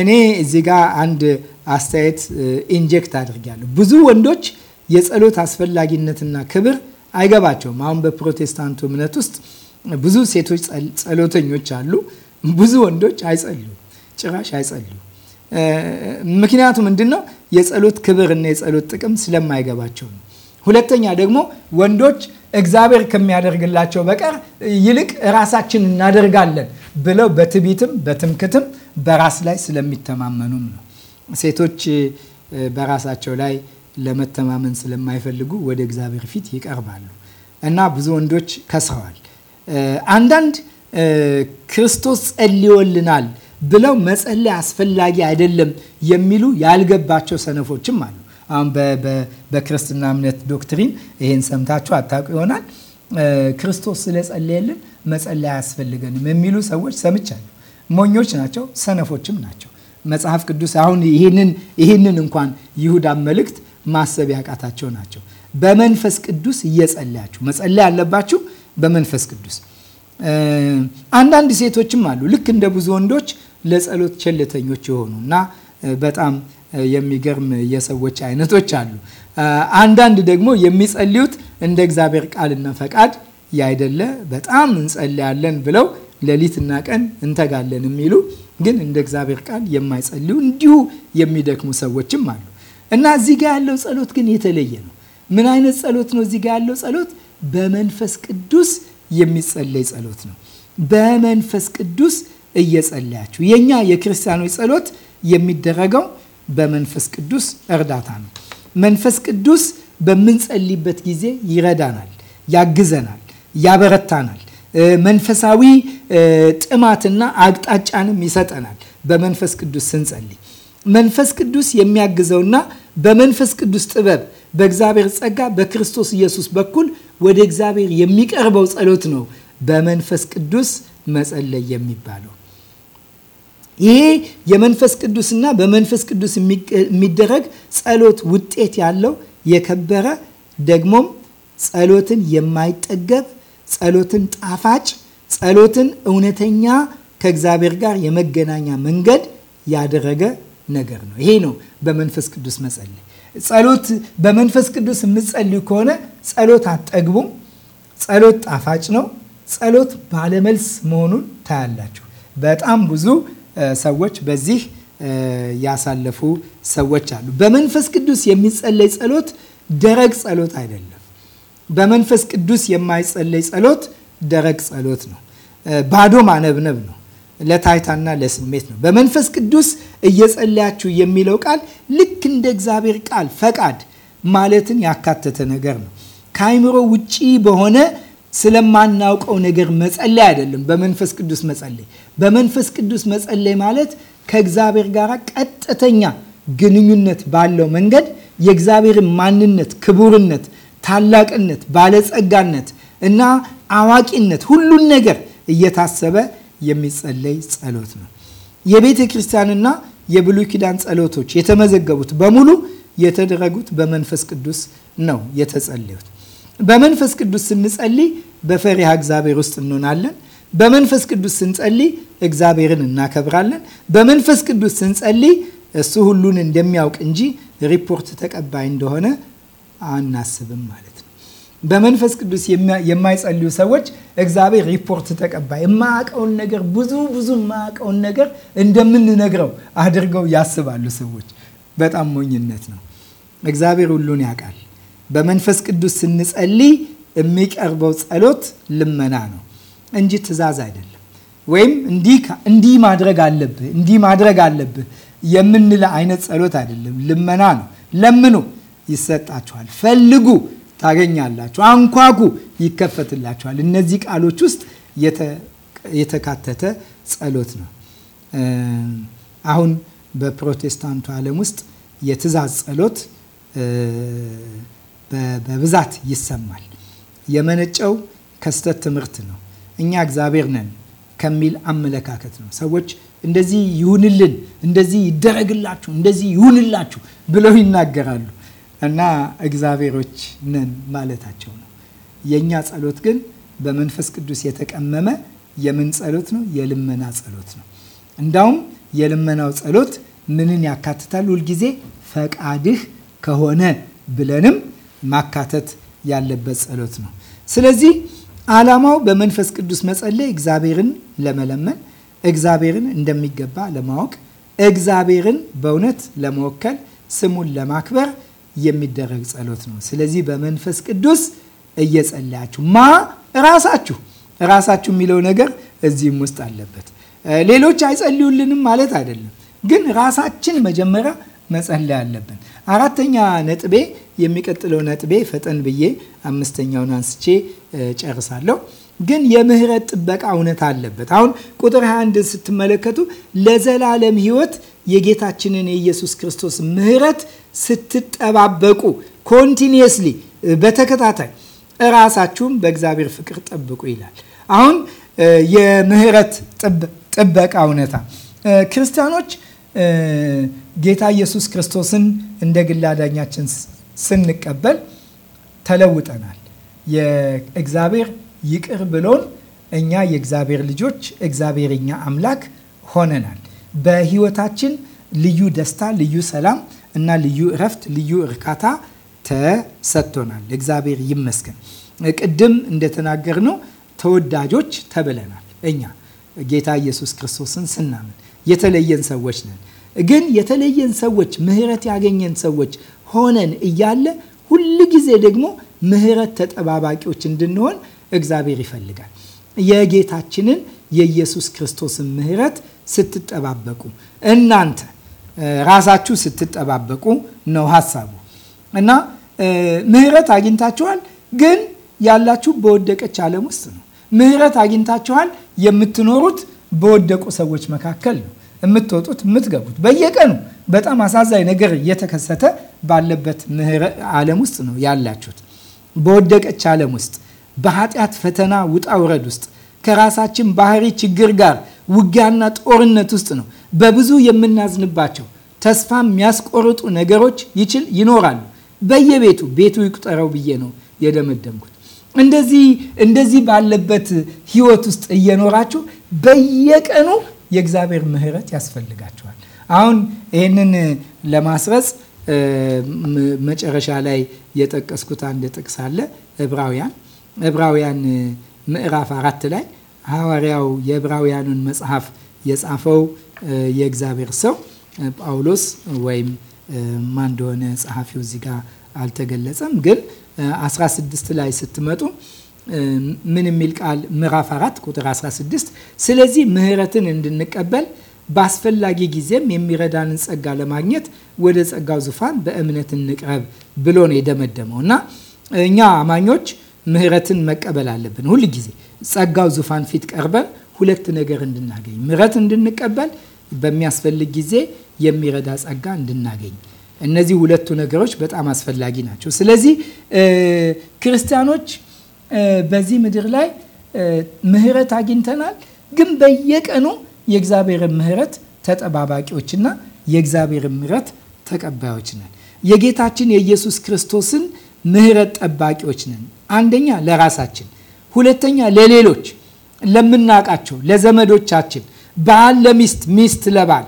እኔ እዚህ ጋር አንድ አስተያየት ኢንጀክት አድርጊያለሁ። ብዙ ወንዶች የጸሎት አስፈላጊነትና ክብር አይገባቸውም። አሁን በፕሮቴስታንቱ እምነት ውስጥ ብዙ ሴቶች ጸሎተኞች አሉ። ብዙ ወንዶች አይጸሉ፣ ጭራሽ አይጸሉ። ምክንያቱ ምንድን ነው? የጸሎት ክብርና የጸሎት ጥቅም ስለማይገባቸው ነው። ሁለተኛ ደግሞ ወንዶች እግዚአብሔር ከሚያደርግላቸው በቀር ይልቅ ራሳችን እናደርጋለን ብለው በትቢትም በትምክትም በራስ ላይ ስለሚተማመኑም ነው። ሴቶች በራሳቸው ላይ ለመተማመን ስለማይፈልጉ ወደ እግዚአብሔር ፊት ይቀርባሉ እና ብዙ ወንዶች ከስረዋል። አንዳንድ ክርስቶስ ጸልዮልናል ብለው መጸለይ አስፈላጊ አይደለም የሚሉ ያልገባቸው ሰነፎችም አሉ። አሁን በክርስትና እምነት ዶክትሪን ይሄን ሰምታችሁ አታውቁ ይሆናል። ክርስቶስ ስለጸለየልን መጸለይ አያስፈልገንም የሚሉ ሰዎች ሰምቻለሁ። ሞኞች ናቸው፣ ሰነፎችም ናቸው። መጽሐፍ ቅዱስ አሁን ይህንን እንኳን ይሁዳን መልእክት ማሰብ ያቃታቸው ናቸው። በመንፈስ ቅዱስ እየጸለያችሁ መጸለይ ያለባችሁ በመንፈስ ቅዱስ። አንዳንድ ሴቶችም አሉ ልክ እንደ ብዙ ወንዶች ለጸሎት ቸልተኞች የሆኑ እና በጣም የሚገርም የሰዎች አይነቶች አሉ። አንዳንድ ደግሞ የሚጸልዩት እንደ እግዚአብሔር ቃልና ፈቃድ ያይደለ በጣም እንጸልያለን ብለው ሌሊትና ቀን እንተጋለን የሚሉ ግን እንደ እግዚአብሔር ቃል የማይጸልዩ እንዲሁ የሚደክሙ ሰዎችም አሉ እና እዚህ ጋ ያለው ጸሎት ግን የተለየ ነው። ምን አይነት ጸሎት ነው? እዚህ ጋ ያለው ጸሎት በመንፈስ ቅዱስ የሚጸለይ ጸሎት ነው። በመንፈስ ቅዱስ እየጸለያችሁ የእኛ የክርስቲያኖች ጸሎት የሚደረገው በመንፈስ ቅዱስ እርዳታ ነው። መንፈስ ቅዱስ በምንጸልይበት ጊዜ ይረዳናል፣ ያግዘናል፣ ያበረታናል። መንፈሳዊ ጥማትና አቅጣጫንም ይሰጠናል። በመንፈስ ቅዱስ ስንጸልይ መንፈስ ቅዱስ የሚያግዘውና በመንፈስ ቅዱስ ጥበብ በእግዚአብሔር ጸጋ በክርስቶስ ኢየሱስ በኩል ወደ እግዚአብሔር የሚቀርበው ጸሎት ነው። በመንፈስ ቅዱስ መጸለይ የሚባለው ይሄ የመንፈስ ቅዱስና በመንፈስ ቅዱስ የሚደረግ ጸሎት ውጤት ያለው የከበረ ደግሞም ጸሎትን የማይጠገብ ጸሎትን ጣፋጭ ጸሎትን እውነተኛ ከእግዚአብሔር ጋር የመገናኛ መንገድ ያደረገ ነገር ነው። ይሄ ነው በመንፈስ ቅዱስ መጸለይ። ጸሎት በመንፈስ ቅዱስ የምትጸልዩ ከሆነ ጸሎት አትጠግቡም። ጸሎት ጣፋጭ ነው። ጸሎት ባለመልስ መሆኑን ታያላችሁ። በጣም ብዙ ሰዎች በዚህ ያሳለፉ ሰዎች አሉ። በመንፈስ ቅዱስ የሚጸለይ ጸሎት ደረቅ ጸሎት አይደለም። በመንፈስ ቅዱስ የማይጸለይ ጸሎት ደረቅ ጸሎት ነው። ባዶ ማነብነብ ነው። ለታይታና ለስሜት ነው። በመንፈስ ቅዱስ እየጸለያችሁ የሚለው ቃል ልክ እንደ እግዚአብሔር ቃል ፈቃድ ማለትን ያካተተ ነገር ነው። ከአይምሮ ውጪ በሆነ ስለማናውቀው ነገር መጸለይ አይደለም። በመንፈስ ቅዱስ መጸለይ በመንፈስ ቅዱስ መጸለይ ማለት ከእግዚአብሔር ጋር ቀጥተኛ ግንኙነት ባለው መንገድ የእግዚአብሔርን ማንነት፣ ክቡርነት፣ ታላቅነት፣ ባለጸጋነት እና አዋቂነት ሁሉን ነገር እየታሰበ የሚጸለይ ጸሎት ነው። የቤተ ክርስቲያንና የብሉይ ኪዳን ጸሎቶች የተመዘገቡት በሙሉ የተደረጉት በመንፈስ ቅዱስ ነው የተጸለዩት። በመንፈስ ቅዱስ ስንጸልይ በፈሪሃ እግዚአብሔር ውስጥ እንሆናለን። በመንፈስ ቅዱስ ስንጸልይ እግዚአብሔርን እናከብራለን። በመንፈስ ቅዱስ ስንጸልይ እሱ ሁሉን እንደሚያውቅ እንጂ ሪፖርት ተቀባይ እንደሆነ አናስብም ማለት ነው። በመንፈስ ቅዱስ የማይጸልዩ ሰዎች እግዚአብሔር ሪፖርት ተቀባይ የማያውቀውን ነገር ብዙ ብዙ የማያውቀውን ነገር እንደምንነግረው አድርገው ያስባሉ ሰዎች። በጣም ሞኝነት ነው። እግዚአብሔር ሁሉን ያውቃል። በመንፈስ ቅዱስ ስንጸልይ የሚቀርበው ጸሎት ልመና ነው እንጂ ትእዛዝ አይደለም። ወይም እንዲህ ማድረግ አለብህ እንዲህ ማድረግ አለብህ የምንለ አይነት ጸሎት አይደለም። ልመና ነው። ለምኑ ይሰጣችኋል፣ ፈልጉ ታገኛላችሁ፣ አንኳኩ ይከፈትላችኋል። እነዚህ ቃሎች ውስጥ የተካተተ ጸሎት ነው። አሁን በፕሮቴስታንቱ ዓለም ውስጥ የትእዛዝ ጸሎት በብዛት ይሰማል። የመነጨው ከስተት ትምህርት ነው። እኛ እግዚአብሔር ነን ከሚል አመለካከት ነው። ሰዎች እንደዚህ ይሁንልን፣ እንደዚህ ይደረግላችሁ፣ እንደዚህ ይሁንላችሁ ብለው ይናገራሉ እና እግዚአብሔሮች ነን ማለታቸው ነው። የእኛ ጸሎት ግን በመንፈስ ቅዱስ የተቀመመ የምን ጸሎት ነው? የልመና ጸሎት ነው። እንዳውም የልመናው ጸሎት ምንን ያካትታል? ሁልጊዜ ፈቃድህ ከሆነ ብለንም ማካተት ያለበት ጸሎት ነው። ስለዚህ ዓላማው በመንፈስ ቅዱስ መጸለይ እግዚአብሔርን ለመለመን፣ እግዚአብሔርን እንደሚገባ ለማወቅ፣ እግዚአብሔርን በእውነት ለመወከል፣ ስሙን ለማክበር የሚደረግ ጸሎት ነው። ስለዚህ በመንፈስ ቅዱስ እየጸለያችሁ ማ ራሳችሁ ራሳችሁ የሚለው ነገር እዚህም ውስጥ አለበት። ሌሎች አይጸልዩልንም ማለት አይደለም፣ ግን ራሳችን መጀመሪያ መጸለይ አለብን። አራተኛ ነጥቤ የሚቀጥለው ነጥቤ ፈጠን ብዬ አምስተኛውን አንስቼ ጨርሳለሁ። ግን የምህረት ጥበቃ እውነት አለበት። አሁን ቁጥር 21 ስትመለከቱ ለዘላለም ህይወት የጌታችንን የኢየሱስ ክርስቶስ ምህረት ስትጠባበቁ ኮንቲኒየስሊ በተከታታይ እራሳችሁም በእግዚአብሔር ፍቅር ጠብቁ ይላል። አሁን የምህረት ጥበቃ እውነታ ክርስቲያኖች ጌታ ኢየሱስ ክርስቶስን እንደ ግል አዳኛችን ስንቀበል ተለውጠናል። የእግዚአብሔር ይቅር ብሎን እኛ የእግዚአብሔር ልጆች፣ እግዚአብሔር እኛ አምላክ ሆነናል። በህይወታችን ልዩ ደስታ፣ ልዩ ሰላም እና ልዩ እረፍት፣ ልዩ እርካታ ተሰጥቶናል። እግዚአብሔር ይመስገን። ቅድም እንደተናገርነው ተወዳጆች ተብለናል። እኛ ጌታ ኢየሱስ ክርስቶስን ስናምን የተለየን ሰዎች ነን። ግን የተለየን ሰዎች ምህረት ያገኘን ሰዎች ሆነን እያለ ሁል ጊዜ ደግሞ ምህረት ተጠባባቂዎች እንድንሆን እግዚአብሔር ይፈልጋል። የጌታችንን የኢየሱስ ክርስቶስን ምህረት ስትጠባበቁ እናንተ ራሳችሁ ስትጠባበቁ ነው ሀሳቡ እና ምህረት አግኝታችኋል፣ ግን ያላችሁ በወደቀች ዓለም ውስጥ ነው። ምህረት አግኝታችኋል የምትኖሩት በወደቁ ሰዎች መካከል ነው የምትወጡት የምትገቡት። በየቀኑ በጣም አሳዛኝ ነገር እየተከሰተ ባለበት ዓለም ውስጥ ነው ያላችሁት። በወደቀች ዓለም ውስጥ በኃጢአት ፈተና ውጣ ውረድ ውስጥ ከራሳችን ባህሪ ችግር ጋር ውጊያና ጦርነት ውስጥ ነው። በብዙ የምናዝንባቸው ተስፋ የሚያስቆርጡ ነገሮች ይችል ይኖራሉ። በየቤቱ ቤቱ ይቁጠረው ብዬ ነው የደመደምኩት። እንደዚህ እንደዚህ ባለበት ህይወት ውስጥ እየኖራችሁ በየቀኑ የእግዚአብሔር ምህረት ያስፈልጋችኋል። አሁን ይህንን ለማስረጽ መጨረሻ ላይ የጠቀስኩት አንድ ጥቅስ አለ። ዕብራውያን ዕብራውያን ምዕራፍ አራት ላይ ሐዋርያው የዕብራውያኑን መጽሐፍ የጻፈው የእግዚአብሔር ሰው ጳውሎስ ወይም ማን እንደሆነ ጸሐፊው እዚህ ጋር አልተገለጸም። ግን 16 ላይ ስትመጡ ምን የሚል ቃል ምዕራፍ 4 ቁጥር 16 ስለዚህ ምህረትን እንድንቀበል በአስፈላጊ ጊዜም የሚረዳንን ጸጋ ለማግኘት ወደ ጸጋው ዙፋን በእምነት እንቅረብ ብሎ ነው የደመደመው እና እኛ አማኞች ምህረትን መቀበል አለብን። ሁል ጊዜ ጸጋው ዙፋን ፊት ቀርበን ሁለት ነገር እንድናገኝ ምሕረት እንድንቀበል በሚያስፈልግ ጊዜ የሚረዳ ጸጋ እንድናገኝ እነዚህ ሁለቱ ነገሮች በጣም አስፈላጊ ናቸው። ስለዚህ ክርስቲያኖች በዚህ ምድር ላይ ምሕረት አግኝተናል፣ ግን በየቀኑ የእግዚአብሔርን ምሕረት ተጠባባቂዎችና የእግዚአብሔርን ምሕረት ተቀባዮች ነን። የጌታችን የኢየሱስ ክርስቶስን ምሕረት ጠባቂዎች ነን። አንደኛ ለራሳችን፣ ሁለተኛ ለሌሎች፣ ለምናቃቸው፣ ለዘመዶቻችን፣ ባል ለሚስት፣ ሚስት ለባል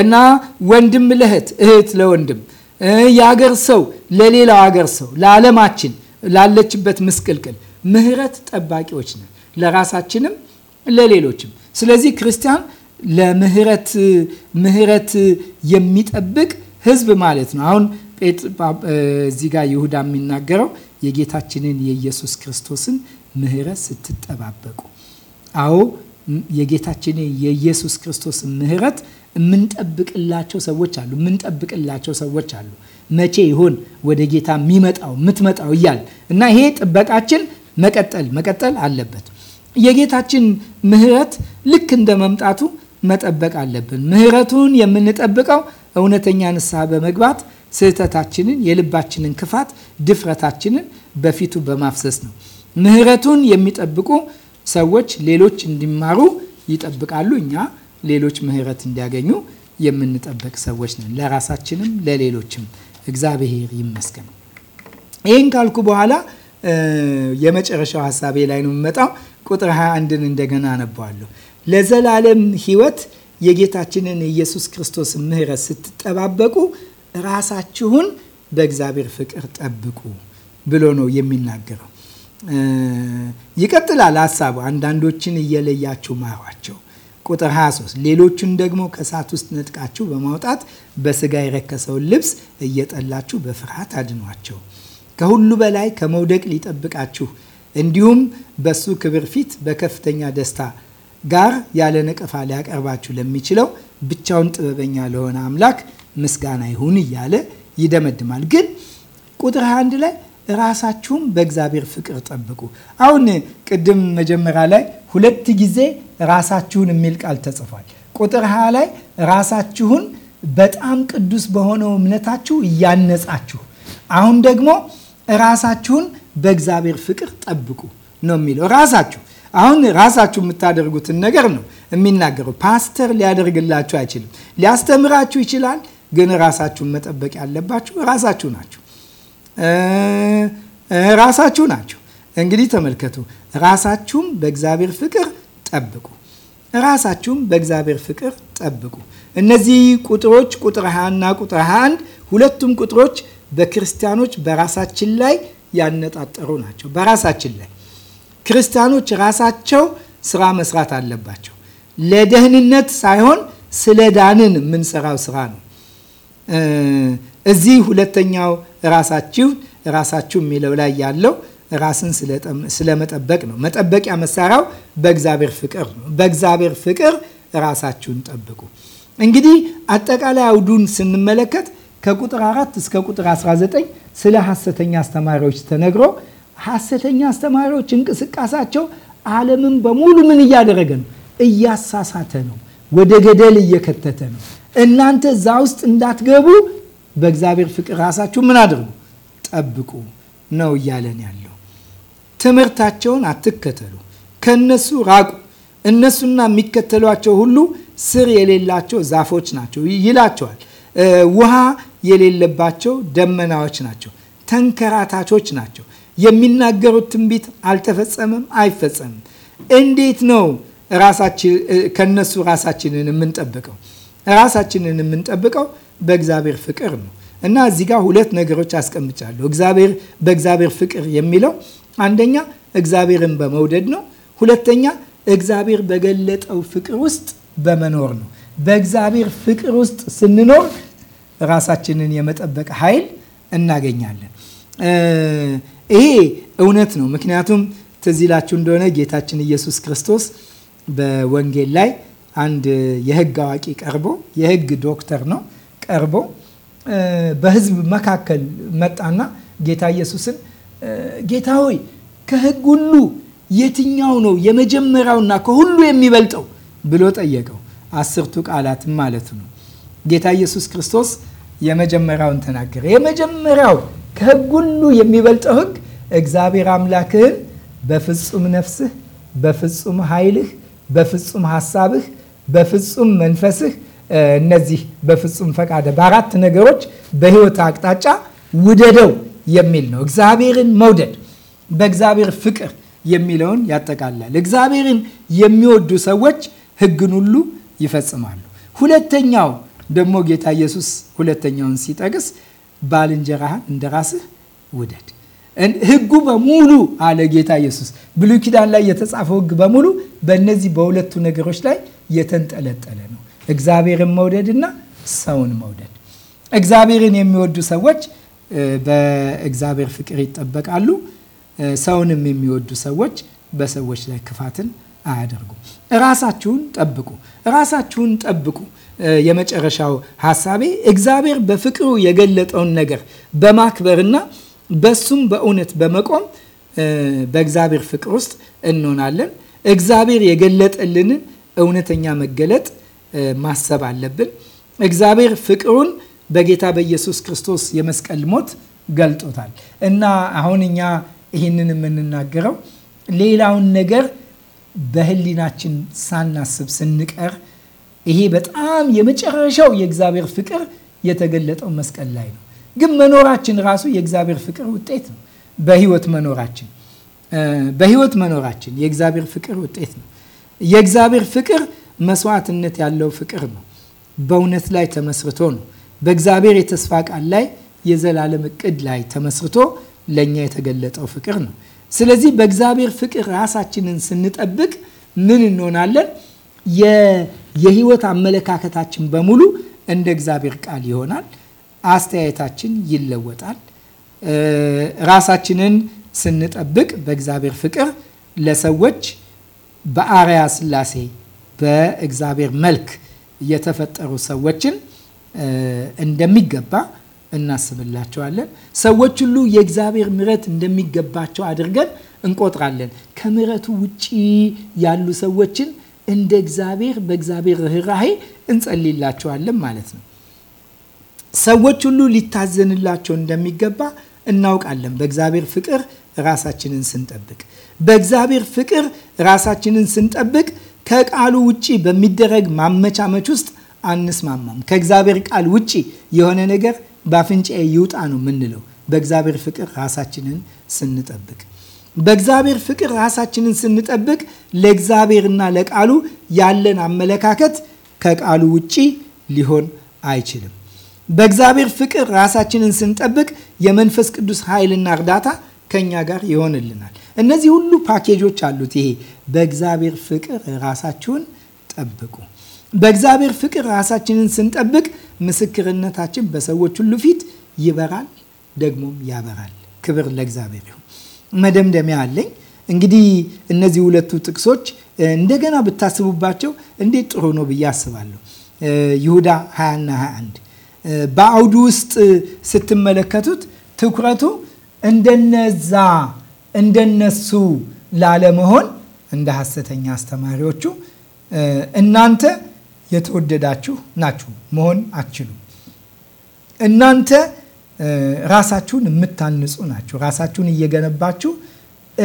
እና ወንድም ለእህት እህት ለወንድም የአገር ሰው ለሌላው አገር ሰው ለዓለማችን ላለችበት ምስቅልቅል ምህረት ጠባቂዎች ነን ለራሳችንም ለሌሎችም። ስለዚህ ክርስቲያን ለምህረት ምህረት የሚጠብቅ ህዝብ ማለት ነው። አሁን እዚህ ጋር ይሁዳ የሚናገረው የጌታችንን የኢየሱስ ክርስቶስን ምህረት ስትጠባበቁ። አዎ የጌታችን የኢየሱስ ክርስቶስን ምህረት የምንጠብቅላቸው ሰዎች አሉ። የምንጠብቅላቸው ሰዎች አሉ። መቼ ይሆን ወደ ጌታ የሚመጣው የምትመጣው እያል እና ይሄ ጥበቃችን መቀጠል መቀጠል አለበት። የጌታችን ምሕረት ልክ እንደ መምጣቱ መጠበቅ አለብን። ምሕረቱን የምንጠብቀው እውነተኛ ንስሐ በመግባት ስህተታችንን፣ የልባችንን ክፋት፣ ድፍረታችንን በፊቱ በማፍሰስ ነው። ምሕረቱን የሚጠብቁ ሰዎች ሌሎች እንዲማሩ ይጠብቃሉ እኛ ሌሎች ምህረት እንዲያገኙ የምንጠበቅ ሰዎች ነን። ለራሳችንም ለሌሎችም እግዚአብሔር ይመስገን። ይህን ካልኩ በኋላ የመጨረሻው ሀሳቤ ላይ ነው የምመጣው። ቁጥር 21ን እንደገና አነበዋለሁ። ለዘላለም ሕይወት የጌታችንን የኢየሱስ ክርስቶስ ምህረት ስትጠባበቁ ራሳችሁን በእግዚአብሔር ፍቅር ጠብቁ ብሎ ነው የሚናገረው። ይቀጥላል ሀሳቡ። አንዳንዶችን እየለያችሁ ማሯቸው ቁጥር 23 ሌሎቹን ደግሞ ከእሳት ውስጥ ነጥቃችሁ በማውጣት በስጋ የረከሰውን ልብስ እየጠላችሁ በፍርሃት አድኗቸው። ከሁሉ በላይ ከመውደቅ ሊጠብቃችሁ እንዲሁም በሱ ክብር ፊት በከፍተኛ ደስታ ጋር ያለ ነቀፋ ሊያቀርባችሁ ለሚችለው ብቻውን ጥበበኛ ለሆነ አምላክ ምስጋና ይሁን እያለ ይደመድማል። ግን ቁጥር 21 ላይ ራሳችሁም በእግዚአብሔር ፍቅር ጠብቁ። አሁን ቅድም መጀመሪያ ላይ ሁለት ጊዜ ራሳችሁን የሚል ቃል ተጽፏል። ቁጥር 20 ላይ ራሳችሁን በጣም ቅዱስ በሆነው እምነታችሁ እያነጻችሁ፣ አሁን ደግሞ ራሳችሁን በእግዚአብሔር ፍቅር ጠብቁ ነው የሚለው ራሳችሁ አሁን ራሳችሁ የምታደርጉትን ነገር ነው የሚናገረው። ፓስተር ሊያደርግላችሁ አይችልም። ሊያስተምራችሁ ይችላል፣ ግን ራሳችሁን መጠበቅ ያለባችሁ ራሳችሁ ናችሁ። ራሳችሁ ናችሁ። እንግዲህ ተመልከቱ። ራሳችሁም በእግዚአብሔር ፍቅር ጠብቁ። ራሳችሁም በእግዚአብሔር ፍቅር ጠብቁ። እነዚህ ቁጥሮች ቁጥር 20 እና ቁጥር 21 ሁለቱም ቁጥሮች በክርስቲያኖች በራሳችን ላይ ያነጣጠሩ ናቸው። በራሳችን ላይ ክርስቲያኖች ራሳቸው ስራ መስራት አለባቸው። ለደህንነት ሳይሆን ስለ ዳንን የምንሰራው ስራ ነው። እዚህ ሁለተኛው ራሳችሁ ራሳችሁ የሚለው ላይ ያለው ራስን ስለመጠበቅ ነው። መጠበቂያ መሳሪያው በእግዚአብሔር ፍቅር ነው። በእግዚአብሔር ፍቅር ራሳችሁን ጠብቁ። እንግዲህ አጠቃላይ አውዱን ስንመለከት ከቁጥር 4 እስከ ቁጥር 19 ስለ ሐሰተኛ አስተማሪዎች ተነግሮ ሐሰተኛ አስተማሪዎች እንቅስቃሴያቸው ዓለምን በሙሉ ምን እያደረገ ነው? እያሳሳተ ነው። ወደ ገደል እየከተተ ነው። እናንተ እዛ ውስጥ እንዳትገቡ በእግዚአብሔር ፍቅር ራሳችሁ ምን አድርጉ? ጠብቁ ነው እያለን ያለው። ትምህርታቸውን አትከተሉ፣ ከእነሱ ራቁ። እነሱና የሚከተሏቸው ሁሉ ስር የሌላቸው ዛፎች ናቸው ይላቸዋል። ውሃ የሌለባቸው ደመናዎች ናቸው፣ ተንከራታቾች ናቸው። የሚናገሩት ትንቢት አልተፈጸመም፣ አይፈጸምም። እንዴት ነው ከነሱ ራሳችንን የምንጠብቀው? ራሳችንን የምንጠብቀው በእግዚአብሔር ፍቅር ነው እና እዚህ ጋር ሁለት ነገሮች አስቀምጫለሁ። እግዚአብሔር በእግዚአብሔር ፍቅር የሚለው አንደኛ እግዚአብሔርን በመውደድ ነው። ሁለተኛ እግዚአብሔር በገለጠው ፍቅር ውስጥ በመኖር ነው። በእግዚአብሔር ፍቅር ውስጥ ስንኖር ራሳችንን የመጠበቅ ኃይል እናገኛለን። ይሄ እውነት ነው። ምክንያቱም ትዝ ይላችሁ እንደሆነ ጌታችን ኢየሱስ ክርስቶስ በወንጌል ላይ አንድ የህግ አዋቂ ቀርቦ የህግ ዶክተር ነው ቀርቦ በህዝብ መካከል መጣና ጌታ ኢየሱስን ጌታ ሆይ ከህግ ሁሉ የትኛው ነው የመጀመሪያውና ከሁሉ የሚበልጠው ብሎ ጠየቀው። አስርቱ ቃላት ማለት ነው። ጌታ ኢየሱስ ክርስቶስ የመጀመሪያውን ተናገረ። የመጀመሪያው ከህግ ሁሉ የሚበልጠው ህግ እግዚአብሔር አምላክህን በፍጹም ነፍስህ፣ በፍጹም ኃይልህ፣ በፍጹም ሀሳብህ፣ በፍጹም መንፈስህ እነዚህ በፍጹም ፈቃደ በአራት ነገሮች በህይወት አቅጣጫ ውደደው የሚል ነው። እግዚአብሔርን መውደድ በእግዚአብሔር ፍቅር የሚለውን ያጠቃልላል። እግዚአብሔርን የሚወዱ ሰዎች ህግን ሁሉ ይፈጽማሉ። ሁለተኛው ደግሞ ጌታ ኢየሱስ ሁለተኛውን ሲጠቅስ ባልንጀራህን እንደ ራስህ ውደድ። ህጉ በሙሉ አለ ጌታ ኢየሱስ ብሉይ ኪዳን ላይ የተጻፈው ህግ በሙሉ በእነዚህ በሁለቱ ነገሮች ላይ የተንጠለጠለ ነው። እግዚአብሔርን መውደድና ሰውን መውደድ። እግዚአብሔርን የሚወዱ ሰዎች በእግዚአብሔር ፍቅር ይጠበቃሉ። ሰውንም የሚወዱ ሰዎች በሰዎች ላይ ክፋትን አያደርጉም። እራሳችሁን ጠብቁ፣ እራሳችሁን ጠብቁ። የመጨረሻው ሀሳቤ እግዚአብሔር በፍቅሩ የገለጠውን ነገር በማክበርና በሱም በእውነት በመቆም በእግዚአብሔር ፍቅር ውስጥ እንሆናለን። እግዚአብሔር የገለጠልንን እውነተኛ መገለጥ ማሰብ አለብን። እግዚአብሔር ፍቅሩን በጌታ በኢየሱስ ክርስቶስ የመስቀል ሞት ገልጦታል እና አሁን እኛ ይህንን የምንናገረው ሌላውን ነገር በህሊናችን ሳናስብ ስንቀር ይሄ በጣም የመጨረሻው የእግዚአብሔር ፍቅር የተገለጠው መስቀል ላይ ነው። ግን መኖራችን ራሱ የእግዚአብሔር ፍቅር ውጤት ነው። በህይወት መኖራችን በህይወት መኖራችን የእግዚአብሔር ፍቅር ውጤት ነው። የእግዚአብሔር ፍቅር መስዋዕትነት ያለው ፍቅር ነው። በእውነት ላይ ተመስርቶ ነው። በእግዚአብሔር የተስፋ ቃል ላይ የዘላለም እቅድ ላይ ተመስርቶ ለእኛ የተገለጠው ፍቅር ነው። ስለዚህ በእግዚአብሔር ፍቅር ራሳችንን ስንጠብቅ ምን እንሆናለን? የህይወት አመለካከታችን በሙሉ እንደ እግዚአብሔር ቃል ይሆናል። አስተያየታችን ይለወጣል። ራሳችንን ስንጠብቅ በእግዚአብሔር ፍቅር ለሰዎች በአርያ ስላሴ በእግዚአብሔር መልክ የተፈጠሩ ሰዎችን እንደሚገባ እናስብላቸዋለን። ሰዎች ሁሉ የእግዚአብሔር ምረት እንደሚገባቸው አድርገን እንቆጥራለን። ከምረቱ ውጪ ያሉ ሰዎችን እንደ እግዚአብሔር በእግዚአብሔር ርኅራሄ እንጸልላቸዋለን ማለት ነው። ሰዎች ሁሉ ሊታዘንላቸው እንደሚገባ እናውቃለን። በእግዚአብሔር ፍቅር ራሳችንን ስንጠብቅ በእግዚአብሔር ፍቅር ራሳችንን ስንጠብቅ ከቃሉ ውጪ በሚደረግ ማመቻመች ውስጥ አንስማማም። ከእግዚአብሔር ቃል ውጪ የሆነ ነገር በአፍንጫዬ ይውጣ ነው የምንለው። በእግዚአብሔር ፍቅር ራሳችንን ስንጠብቅ በእግዚአብሔር ፍቅር ራሳችንን ስንጠብቅ ለእግዚአብሔርና ለቃሉ ያለን አመለካከት ከቃሉ ውጪ ሊሆን አይችልም። በእግዚአብሔር ፍቅር ራሳችንን ስንጠብቅ የመንፈስ ቅዱስ ኃይልና እርዳታ ከኛ ጋር ይሆንልናል። እነዚህ ሁሉ ፓኬጆች አሉት። ይሄ በእግዚአብሔር ፍቅር ራሳችሁን ጠብቁ። በእግዚአብሔር ፍቅር ራሳችንን ስንጠብቅ ምስክርነታችን በሰዎች ሁሉ ፊት ይበራል፣ ደግሞም ያበራል። ክብር ለእግዚአብሔር ይሁን። መደምደሚያ አለኝ። እንግዲህ እነዚህ ሁለቱ ጥቅሶች እንደገና ብታስቡባቸው እንዴት ጥሩ ነው ብዬ አስባለሁ። ይሁዳ 20 ና 21 በአውዱ ውስጥ ስትመለከቱት ትኩረቱ እንደነዛ እንደነሱ ላለመሆን እንደ ሐሰተኛ አስተማሪዎቹ እናንተ የተወደዳችሁ ናችሁ መሆን አትችሉ። እናንተ ራሳችሁን የምታንጹ ናችሁ። ራሳችሁን እየገነባችሁ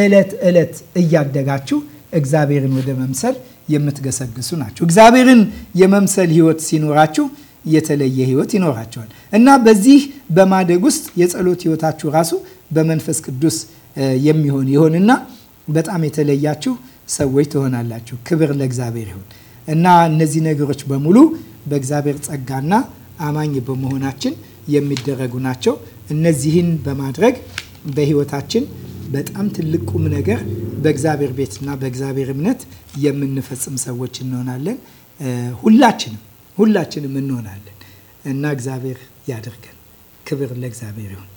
እለት እለት እያደጋችሁ እግዚአብሔርን ወደ መምሰል የምትገሰግሱ ናችሁ። እግዚአብሔርን የመምሰል ህይወት ሲኖራችሁ የተለየ ህይወት ይኖራቸዋል እና በዚህ በማደግ ውስጥ የጸሎት ህይወታችሁ ራሱ በመንፈስ ቅዱስ የሚሆን ይሆንና በጣም የተለያችሁ ሰዎች ትሆናላችሁ። ክብር ለእግዚአብሔር ይሁን እና እነዚህ ነገሮች በሙሉ በእግዚአብሔር ጸጋና አማኝ በመሆናችን የሚደረጉ ናቸው። እነዚህን በማድረግ በህይወታችን በጣም ትልቅ ቁም ነገር በእግዚአብሔር ቤትና በእግዚአብሔር እምነት የምንፈጽም ሰዎች እንሆናለን። ሁላችንም ሁላችንም እንሆናለን እና እግዚአብሔር ያደርገን። ክብር ለእግዚአብሔር ይሁን።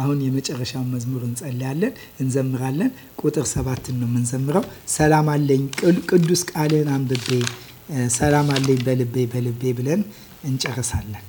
አሁን የመጨረሻውን መዝሙር እንጸልያለን፣ እንዘምራለን። ቁጥር ሰባትን ነው የምንዘምረው። ሰላም አለኝ ቅዱስ ቃልን አንብቤ ሰላም አለኝ በልቤ በልቤ ብለን እንጨርሳለን።